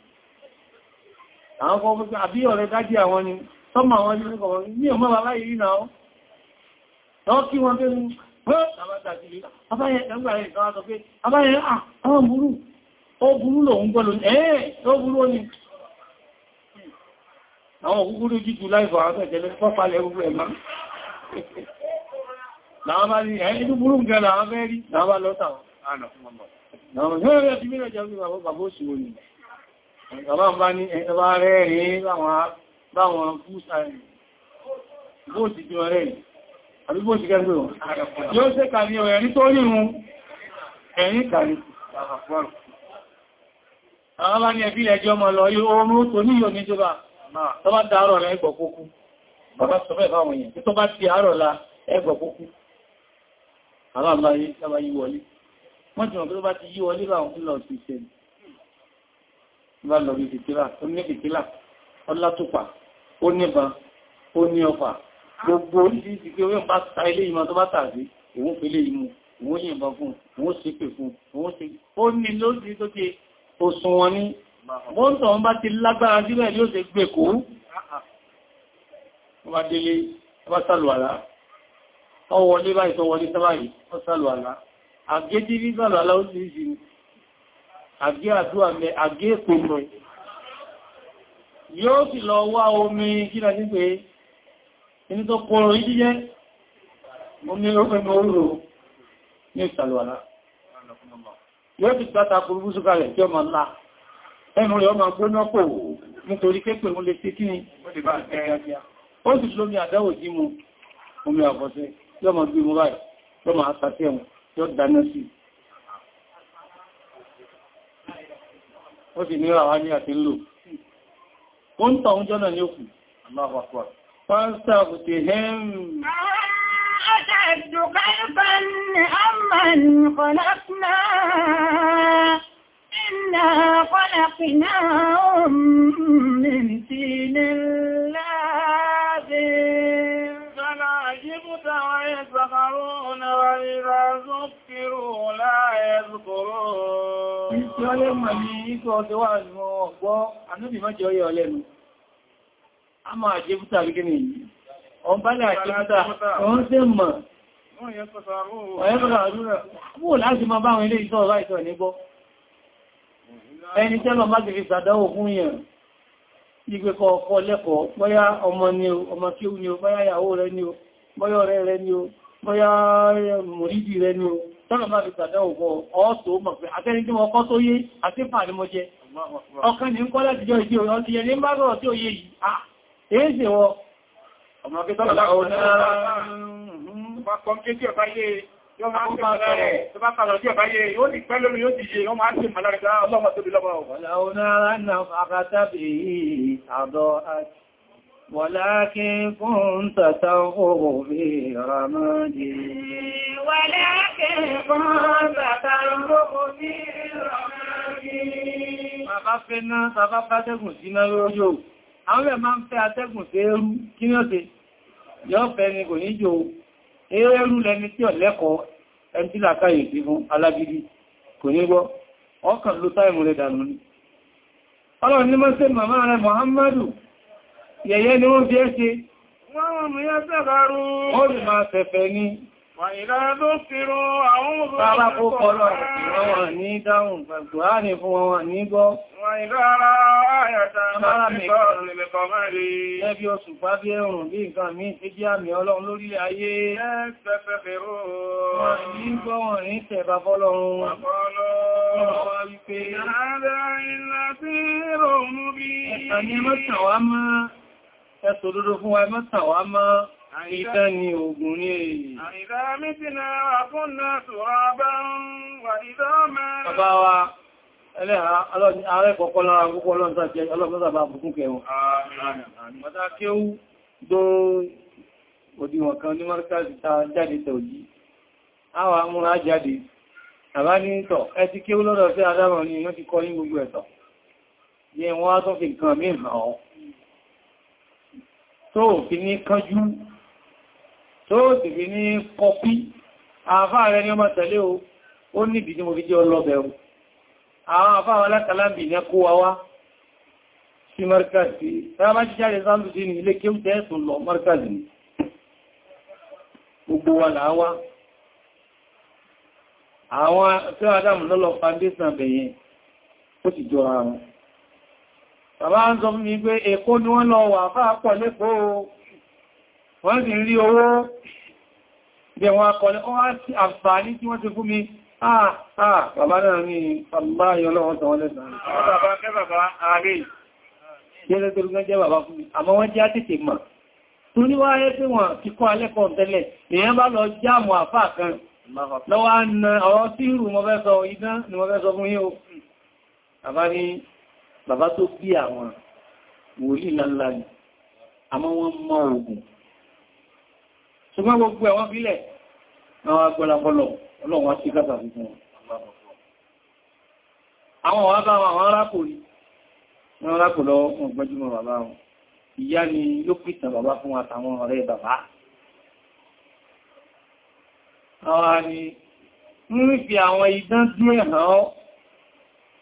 àwọn kan fún àbí ọ̀rẹ́ dájí àwọn ni sọ́mà wọn ní ọkọ̀ wọn ní ọmọ bàbá yìí náà lọ́wọ́ kí wọ́n bẹ́rún Láwọn bá ní ẹni tó burú gẹ́lá, àwọn bẹ́rí, láwọn bá lọ́ta àwọn ànà fún ọmọ. Láwọn bá ní ẹ̀rẹ́ ti mẹ́rẹ̀ jẹ́ orí bàbá òṣìwò nìí. Bàbá bá ní ẹ̀bá rẹ̀ rí báwọn fúúsàrì, bóòtì jọ rẹ̀ rí, àbí bóòtì gẹ́gbẹ̀ wọn. Yóò ṣe kà ní ọ̀rẹ̀ nítorí rún, ẹ̀yìn kà ní. Àwọn bá ní ẹbí ẹjọ́ mọ̀ lọ yóò oorun tó níyò níjọba, tó bá dáárọ̀ rẹ̀ ẹgbọ̀ kókú. Bàbá sọ fẹ́ fáwọn èèyàn, tó bá ti àárọ̀ la ẹgbọ̀ kókú. Àwọn àbáyé yí wọlé. Wọ́n ti tó bá ti yí wọlé báwọn fúnlọ̀ ti ṣẹlẹ̀ bá lọ bí fìtílà ó ní fìtílà ọlátùpà ó níbà ó ní ọfà gbogbo oríṣiríṣi pé wọ́n bá ta ilé ìmọ̀ tó bá tàbí òun fi lè mú òun yìnbọn fún òun ṣépè fún òun ṣe ó ní lóṣìí tó ti òsùn wọn ní mọ́ntọ̀ wọn bá ti lágbára sílẹ̀ yóò ṣe gbé kó wọ́n bá délé wọ́n bá sàlùwàlá àgé àdúwà mẹ́ àgé èkó mẹ́ yóò sì lọ wá omi kíra nígbé inú tó kọrọ ìdíjẹ́ omi orúkẹ́ mọ́ orúrò ní ìsàlùwàlá yóò ti gbáta kúrú súkàrẹ̀ tí ọmọ ńlá ẹnu rẹ̀ ọmọ gbóná pò nítorí kéèpẹ̀ mú lè sí kí ó sì lómi àdáwò sí ó sì nírà wá ní àti lò ó ń tọ̀ oúnjẹ́ ní òkú aláwọ̀pọ̀ pánstàbù ti hẹ́m Inna kọ́lá fi náà ó nílùú. يذكرون Ìṣẹ́ ọlẹ́mọ̀ ní ikọ̀ tó wà ní ọgbọ́, ànúbì mọ́jẹ́ ọyọ̀ ọlẹ́nu. A máa jẹ́ fúta rí ní ìyí. Ọ̀bálẹ̀ àti fúta, ọ̀hún tẹ́ mọ̀. Ọ̀yẹ́ pẹ̀sà rúrẹ̀. Mú láti máa báwọn ilé ìtọ́ ọ̀rá ìtọ́ ní fún yẹn. Ìgbẹ́kọ̀ ọkọ̀ lẹ́kọ̀ọ́, bọ́yá ọmọ ni o, ọmọ kí ó ni o, bọ́yá ìyàwó rẹ ni o, bọ́yá ọ̀rẹ́ rẹ ni o, bọ́yá mọ̀rídì rẹ ni o, tọ́nà máa fi pàdá ògbọ́ ọ́tọ́ mọ̀ pé àtẹ́ni tí wọ́n kọ́ tó yé àti fààrí mọ́ jẹ ọkàn ní ń kọ́ láti jọ ìdí òyìn ọdí ẹni máa rọ̀ tí ó yé yìí à èé sì ولكن كنت تغرب في رمادي ولكن كنت تغرب في رمادي Bàbá fẹ́ náà, bàbá fàtẹ́gùn sí náà lójò. Àwọn ẹ̀ máa ń fẹ́ atẹ́gùn sí ẹrú kí ní ọ̀sẹ̀, yọ́ fẹ́ ni kò ní jò. Ẹrú lẹni tí ọ̀ lẹ́kọ̀ọ́, ẹni tí làkáyè sí fún alágídí, kò ní gbọ́. Ọkàn ló táìmù rẹ̀ dànù ni. Ọlọ́run ní mọ́ yẹ̀yẹ́ ni wọ́n fi ẹ́ ṣe wọ́n mú yẹ́ sẹ́bàrú ó lè máa fẹ̀fẹ̀ ní wà ìlànà fìrò àwọn bàbá kó kọlọ̀ ìwọ̀n ní dáhùn gbàgbàánì fún wọn ní gbọ́ wà ìlànà àyàtà máa mẹ́kọ̀ọ́ lẹ́lẹ́kọ̀ọ́ mẹ́rin ẹbí oṣù pàbí ẹ̀rùn bí nǹkan mí ti jẹ́ àmì ọlọ́run lórí ayé ẹ́ẹ̀fẹ́fẹ́ fẹ́rò wọ́n ní gbọ́ wọ́n ní tẹ̀bà fọ́lọ́run wà fọ́lọ́run ẹ̀sọ̀ òdodo fún wa mẹ́sàn wá mọ́ ìdán ni ogun ní èyí. Àìdá mítínà àkúnnà tòrọ bá ń wà ìdá mẹ́rin. Bàbá wa, ẹlẹ́ha, ààrẹ kọ̀kọ́ lára púpọ̀ ọlọ́nà jẹ́ ọlọ́pẹ́sà bá bùkún kẹwọn. Bàtà kí ó Àwọn amúra jáde, àbá ní tọ̀, ẹ ti kí ó lọ́dọ̀ sí Adámọ̀ ni wọ́n ti kọ́ ní gbogbo ẹ̀tọ̀. Yẹ wọ́n á tọ́ fi nǹkan mí hàn tó fi ní kánjú tó sì fi ní kọpí àfáà rẹ ní ọmọ tẹ̀lé o ó níbi tí mo fi jẹ́ ọlọ́bẹ̀ o àwọn àfáà alákàlábì ní kó wa wá sí markazi sábá jíjáre sáàlù sí ní ilé kéhù tẹ́ẹ̀sùn lọ markazi ni gbogbo wa là wá àwọn bàbá ń sọ fún mi pé èkó ni wọ́n lọ wà fáà pọ̀ lẹ́kọ́ wọ́n sì rí owó bí wọ́n akọ̀lẹ́ ó wá sí àǹfààní tí wọ́n ti fún mi àà ah, àà ah, bàbá náà ní bàbá ìyọlọ́wọ́ tọ̀wọ́ lẹ́sàn Bàbá kẹ́ bàbá àárín. Yẹ́lẹ́ tó lúgbẹ́ jẹ́ bàbá fún mi, àmọ́ wọ́n jẹ́ àtìtì mọ̀ tó ní wáyé pé wọ́n ti kọ́ alẹ́kọ̀ọ́ tẹ́lẹ̀ èyàn bá lọ jáàmù lọ́wọ́ ọ̀rọ̀ tí ìrù mọ́fẹ́ sọ idán ni mọ́fẹ́ sọ fún yíò àbá ní bàbá tó bí àwọn wòlíì ńláńlá ni àmọ́ wọ́n mọ́ ogun ṣùgbọ́n gbogbo ẹ̀wọ́n bílẹ̀ àwọn agbọ́lagbọ́lọ̀ ọlọ́run wá sí gáta fífún àwọn wá bá àwọn arákò rí wọ́n arákò lọ bàbá wọn ìyá ni ló pìtàn bàbá fún àtàwọn ọ̀rẹ́ bàbá àwọn ni ń fi àwọn idán dúrẹ̀ hàn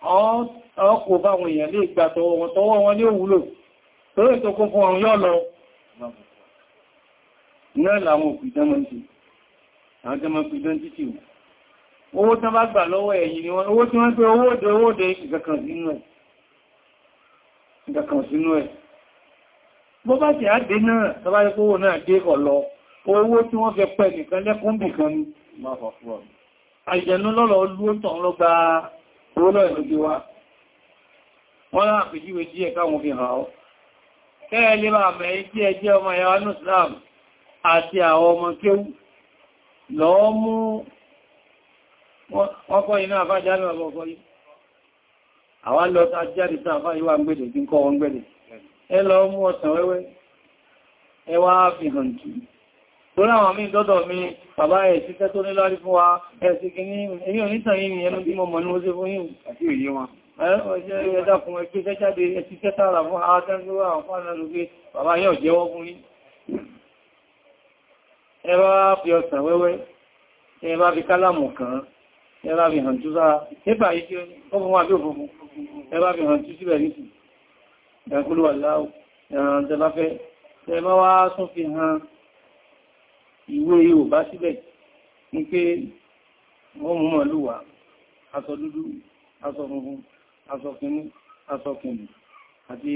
ọkọ̀ bá wọn èèyàn lè gbà tọwọ́ wọn tọwọ́ wọn ní òwúlò torí ètò kún fún ọ̀run yọ́ lọ náà làwọn òpìdánmọ́ntì àwọn jẹmọ́pìdán títì owó tán bá gbà lọ́wọ́ ẹ̀yìn ni wọ́n owó tí wọ́n pé owó òde owó òde ìgbàkan sínú ẹ̀ owó náà ló gbé wá wọ́n náà pèjúwe díẹ̀ káwọn fi hàn ọ́ kẹ́rẹ́ lè máa mẹ́ tí ẹ jẹ́ ọmọ ẹ̀yà ní Islam àti àwọn ọmọ kéwú lọ mú wọ́n kọ́ iná àfájá ní ọmọ ọkọ̀ yìí àwọn lọ ta jáde tán àfá ìwà gbẹ̀dẹ̀ tí ń gbẹ̀dẹ̀ torí àwọn mí dọ́dọ̀ mi bàbá ẹ̀ síṣẹ́ tó ní lárí fún wa ẹ̀sì kìíní èyí onítàn yìí ni ẹnu tí mọ̀ ní oṣe fún yìí àti òye wọn ẹ̀ẹ́dàkùn ẹgbẹ́ jáde ẹ̀síṣẹ́ tààrà fún àwọn tẹ́lúwà fún àlọ́lùgbé bàbá yóò jẹ́wọ́ fún yìí ẹwà fi ọ̀sán wẹ́wẹ́ ẹwà fi kálàmù kan ẹwà fi hàn túsá nípa yìí tí ó fún wa bí òfúnfún ẹwà fi hàn tú síbẹ̀ nìsìn ẹ̀kúlù gbogbo yóò bá síbẹ̀ ní pé wọ́n mú mọ̀ lúwà aṣọ dúdú aṣọ funfun aṣọ kìíní aṣọ kìíní àti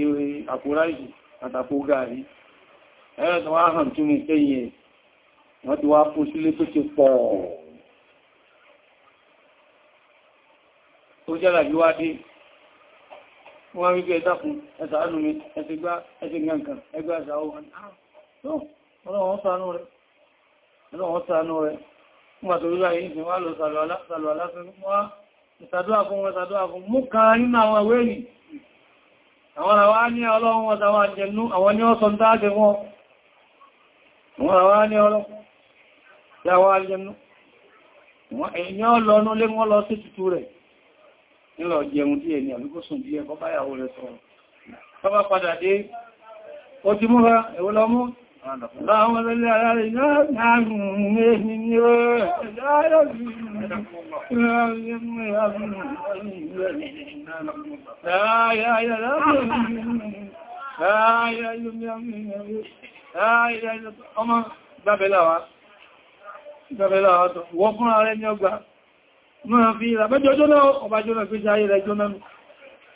àkóráìsì àtàkó gàrí ẹ̀rọ tó wá hàn tún mi sẹ́yìn ẹ̀ wọ́n ti wá kó sílé tó ti pọ̀ tó jẹ́lá bí wá dé wọ́n wípé ẹ̀dàkùn ẹ̀sàánú mi ẹ̀sẹ̀gbá ẹ̀sẹ̀gbá ẹ̀gbá ẹ̀sàáwọ̀ ọlọ́run sánú rẹ̀ nígbà tó rírá yìí wá lọ sàlọ̀ aláfẹ́ wá ìsàdúwà fún wọn sàdúwà fún mú kan nínú àwọn ìwé nì àwọn àwá ní ọlọ́run wọn tàwọn àjẹnú àwọn ní ọ́sọ ń dáadẹ wọn àwọn àwá ní ọlọ́run ó ti múra ẹ̀wọ́lọ́mú Báwọn lọ́lẹ́ aláàrẹ̀ náà náà mú ní ní ọ̀rọ̀ ìdáyọ̀ sí Máa fi ìrà mẹ́jọ jóná ọba jóná pé jẹ́ ayé rẹ̀ jóná nù.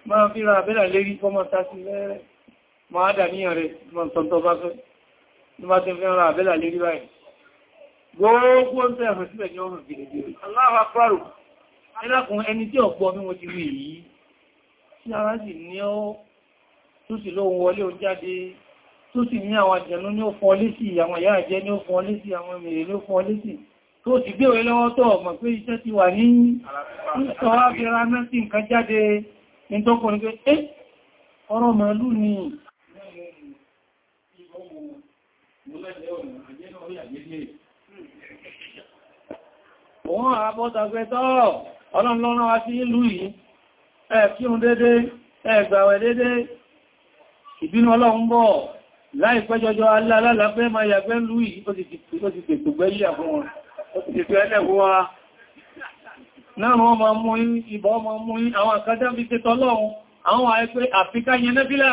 Máa fi ìrà àbẹ́là lérí fọ́mọ́ta sí lẹ́rẹ̀. Máa dà níyàn rẹ̀, mọ́ tọ́ntọ́ bá fẹ́ ló bá tẹ́ fẹ́ ra àbẹ́là lérí báyìí gbogbo ń tẹ́ ẹ̀fẹ́ sílẹ̀ ní ọmọ ìgbèrègbèrè aláwà pàrò ẹlákùn ẹni tí ọ̀pọ̀ mi wọ́n ti rí èyí tí ara sì ní ó tó sì ló wọlé ó jáde tó sì ní àwọn àjẹ̀nú ní ó fọ́ lésì àwọn ìyá àjẹ́ ní ó fọ́ lésì àwọn mèrè ní ó fọ́ lésì tó ti gbéwẹ̀ lọ́wọ́ tó ọmọ pé iṣẹ́ ti wà ní ìsọ̀wá fi ra mẹ́sì nǹkan jáde Òun àbọ́ta pé tọ́rọ̀ ọlọ́run lọ́nà wá sí ìlú yìí, ẹ kírun dédé, ẹ gbààwẹ̀ dédé, ìbínú ọlọ́run bọ̀ láì pẹ́jọjọ alálàpẹ́ máa yàgbẹ́ ìlú yìí ó ti tètò gbẹ́yà fún wọn, ó ti tètò ẹlẹ́gbọ́ wa. Náà wọ́n máa mú ìbọn máa mú àwọn àkájá fi tètò ọlọ́run, àwọn àìpẹ́ àfikà yẹn nẹ́bílà.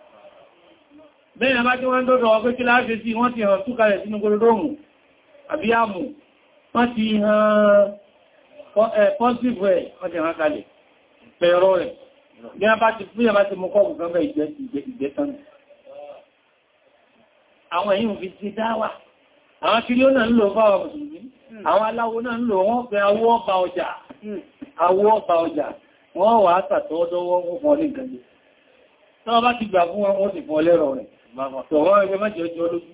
bẹ́ẹ̀ bá tí wọ́n dọ́dọ̀ ọgbé kí láàáṣẹ́ sí wọ́n ti hàn túkalẹ̀ sínú gorodomu àbí àmù wọ́n ti hàn eh, pọ́sìfù ẹ̀ wọ́n ti hàn kalẹ̀ pẹ̀rọ rẹ̀ bí a bá ti fún yàbá ti mú kọ́ọ̀kù kan bẹ́ ìgbẹ́tàn àwọn èyí fi ti dáwà àwọn kiri ó náà ń hmm. hmm. wà á tàtọ́ ọdọ́wọ́ wọ́n fọ́ ní ìgbẹ̀lẹ̀ tí bá ti gbà fún wọn wọ́n sì fọ́ lẹ́rọ rẹ̀ Sọ̀rọ̀ ẹgbẹ́ mẹ́jọ jọ lójú.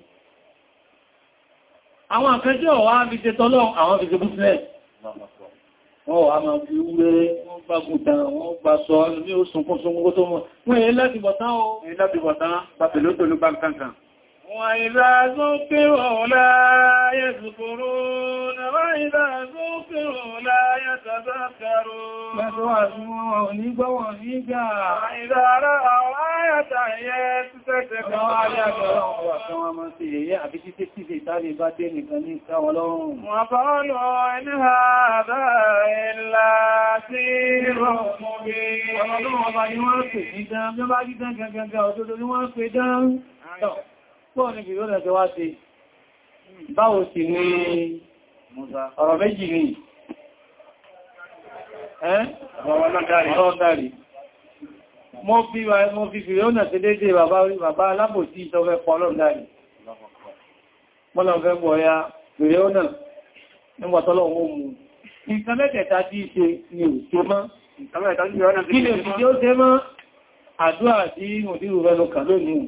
Àwọn àkẹjọ́ wá fi ṣe tọ́lọ́ àwọn fi ṣe búsinẹ̀. Wọ́n wà máa fi wúrẹ́, wọ́n gbá gùntà, wọ́n gbá sọ ní ó sunkún sunkún tó mọ̀. Wọ́n èé láti bọ̀tán ó. Èé láti bọ̀tán, bàtẹ̀ lótò ló gbá kankan. وإذا ذكروا لا يذكرون وإذا ذكروا لا يتذكرون وإذا رأوا آية يتذكرون وقالوا إن هذا إلا سير مبين Báwo sì ni ọ̀rọ̀ méjì ni? Ọ̀rọ̀ dárí. Mo fi Fìrónà ti dédé bàbá alábòsí ìtọ́fẹ́ pọ̀ ọlọ́run dárí. Mọ́lọ̀ fẹ́ bọ̀ ya Fìrónà nígbàtọ́lọ̀ wọn mú. Nǹkan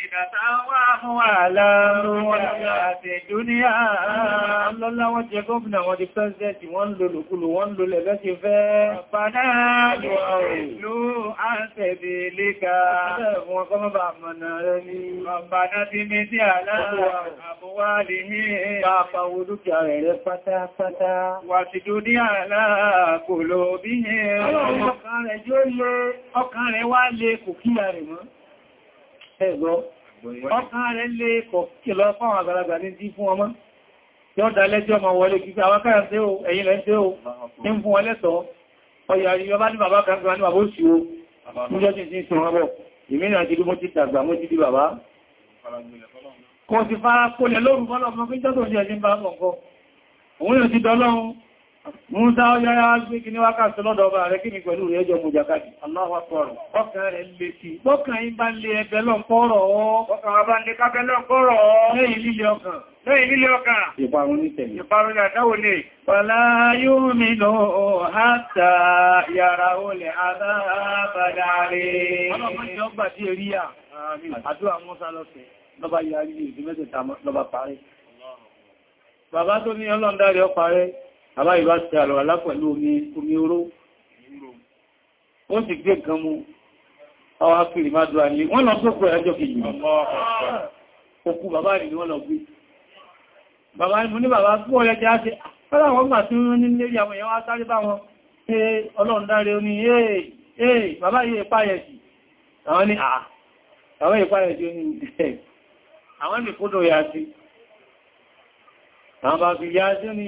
Ọlọ́láwọ́ jẹ gómìnà wọn di pẹ́sẹ̀tì wọ́n ń lo lòkúlò wọ́n ń lo lẹ̀lẹ́ ti fẹ́ padà ló àṣẹ̀bì léka wọn kọ́ mọ́bà mọ̀nà rẹ̀ ní padà ti mé sí àláwọ̀ àbúwá lè ní pàpà olúkà rẹ̀ rẹ̀ pátápátá wà ti dú ní àlákòlò ọkàn rẹ̀ lè kọ̀kílọ fáwọn àgbàlagbà ní dí fún ọmọ yọ́ dalẹ́jọ́ ma wọlé kíkẹ́ àwọn káyàn tí ó ẹ̀yìn lẹ́ tí ó ń fún ọlẹ́tọ̀ ọyà yọ bá ní bàbá kan gbà ní bàbá òṣì o mújọ́ tí ti ń sùn ọmọ ìmìnà àti ìlú mo ti tàgbà mo ti di bàbá kò sì fara kólẹ̀ lórùn bọ́lọ̀ ọmọ fíjọ́ tó ń jẹ́ ẹ̀sìn bá ọkọ̀ òun yóò ti dọ́lọ́run Musa ó yára gbé kí ní wákàtí lọ́dọ̀ ọba rẹ̀ kí ni pẹ̀lú rẹ̀ ẹjọ́ mojakadi. Allahu Akbar. Ọkàn rẹ̀ lè fi. Bọ́kàn yí bá lè ẹbẹ̀ lọ pọ́rọ̀ ọ́. Ọkàn bá lè kábẹ̀ lọ pọ́rọ̀ ọ́. Lẹ́yìn líle ọkàn. Lẹ́yìn líle ọkàn. Ìparun ní tẹ̀lé. Ìparun ní àdáwò ní. Fala yu'minu hatta yarawul azabal alim. Ọlọ́mọ ìjọba tí èrí à. Àdúrà Musa Bàbá tó ní ọlọ́ndarí ọ àbá ìbá ti àlọ́wàlá pẹ̀lú omi oró wọ́n ti gbé nǹkan mú àwọn akìrì máa dúra ní wọ́n lọ sókò ẹjọ́ kìí òkú bàbá rí wọ́n lọ gbé bàbá ní mo ní bàbá kú ọ̀rẹ́ jẹ́ áṣẹ́ fẹ́lá wọn gbà tí wọ́n ní lérí àwọn èèyàn wá sáré bá wọn pé ọlọ́run dáre oní èèyàn bàbá yìí páyẹ̀sì àwọn ní àà àwọn ìpáyẹ̀sì oní àwọn ìkúdò yà sí àwọn bàbá yà sí ní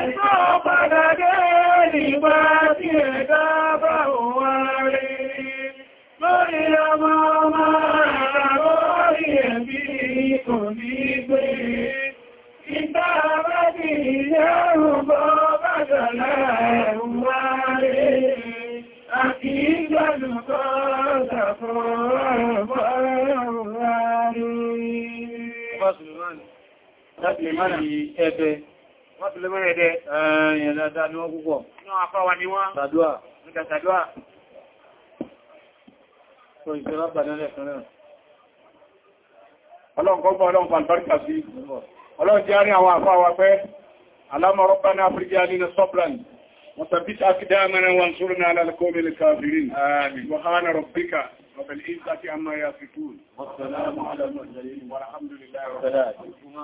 Àìsọ́ padà dé nígbà tí ẹ̀dá bá wà rí lórí ọmọ ọmọ lórí ẹ̀bí kò ní gbé. Ìta bá ti ilẹ̀ rúgbọ́ bàjọ̀ láàrùn wá rí àti ìgbàlùkọ́ ṣàfọ́ ọ̀rọ̀ ọ̀rọ̀ rí. Ọba Sùlùmánì, láti lè máa ní ẹbẹ wọ́n tún lẹ́wẹ́rẹ̀ dẹ ẹ̀yẹn dáadáa ní wọ́n púpọ̀ ní àfáwà ní wọ́n sàdúà nígbà sàdúà tó ìṣẹ́lá bàdánlẹ̀ fún náà ọlọ́run kọ́gbọ́ ọlọ́run pàlùbáríkà sí ọlọ́run jẹ́ àárín àwọn àfáwà pẹ́ alámọ̀rọ́pá ní áfíríkà nínú sọ́plan وثبت أقدامنا وانصرنا على القوم الكافرين آمين وحان ربك رب العزة عما يصفون والسلام على المرسلين والحمد لله رب العالمين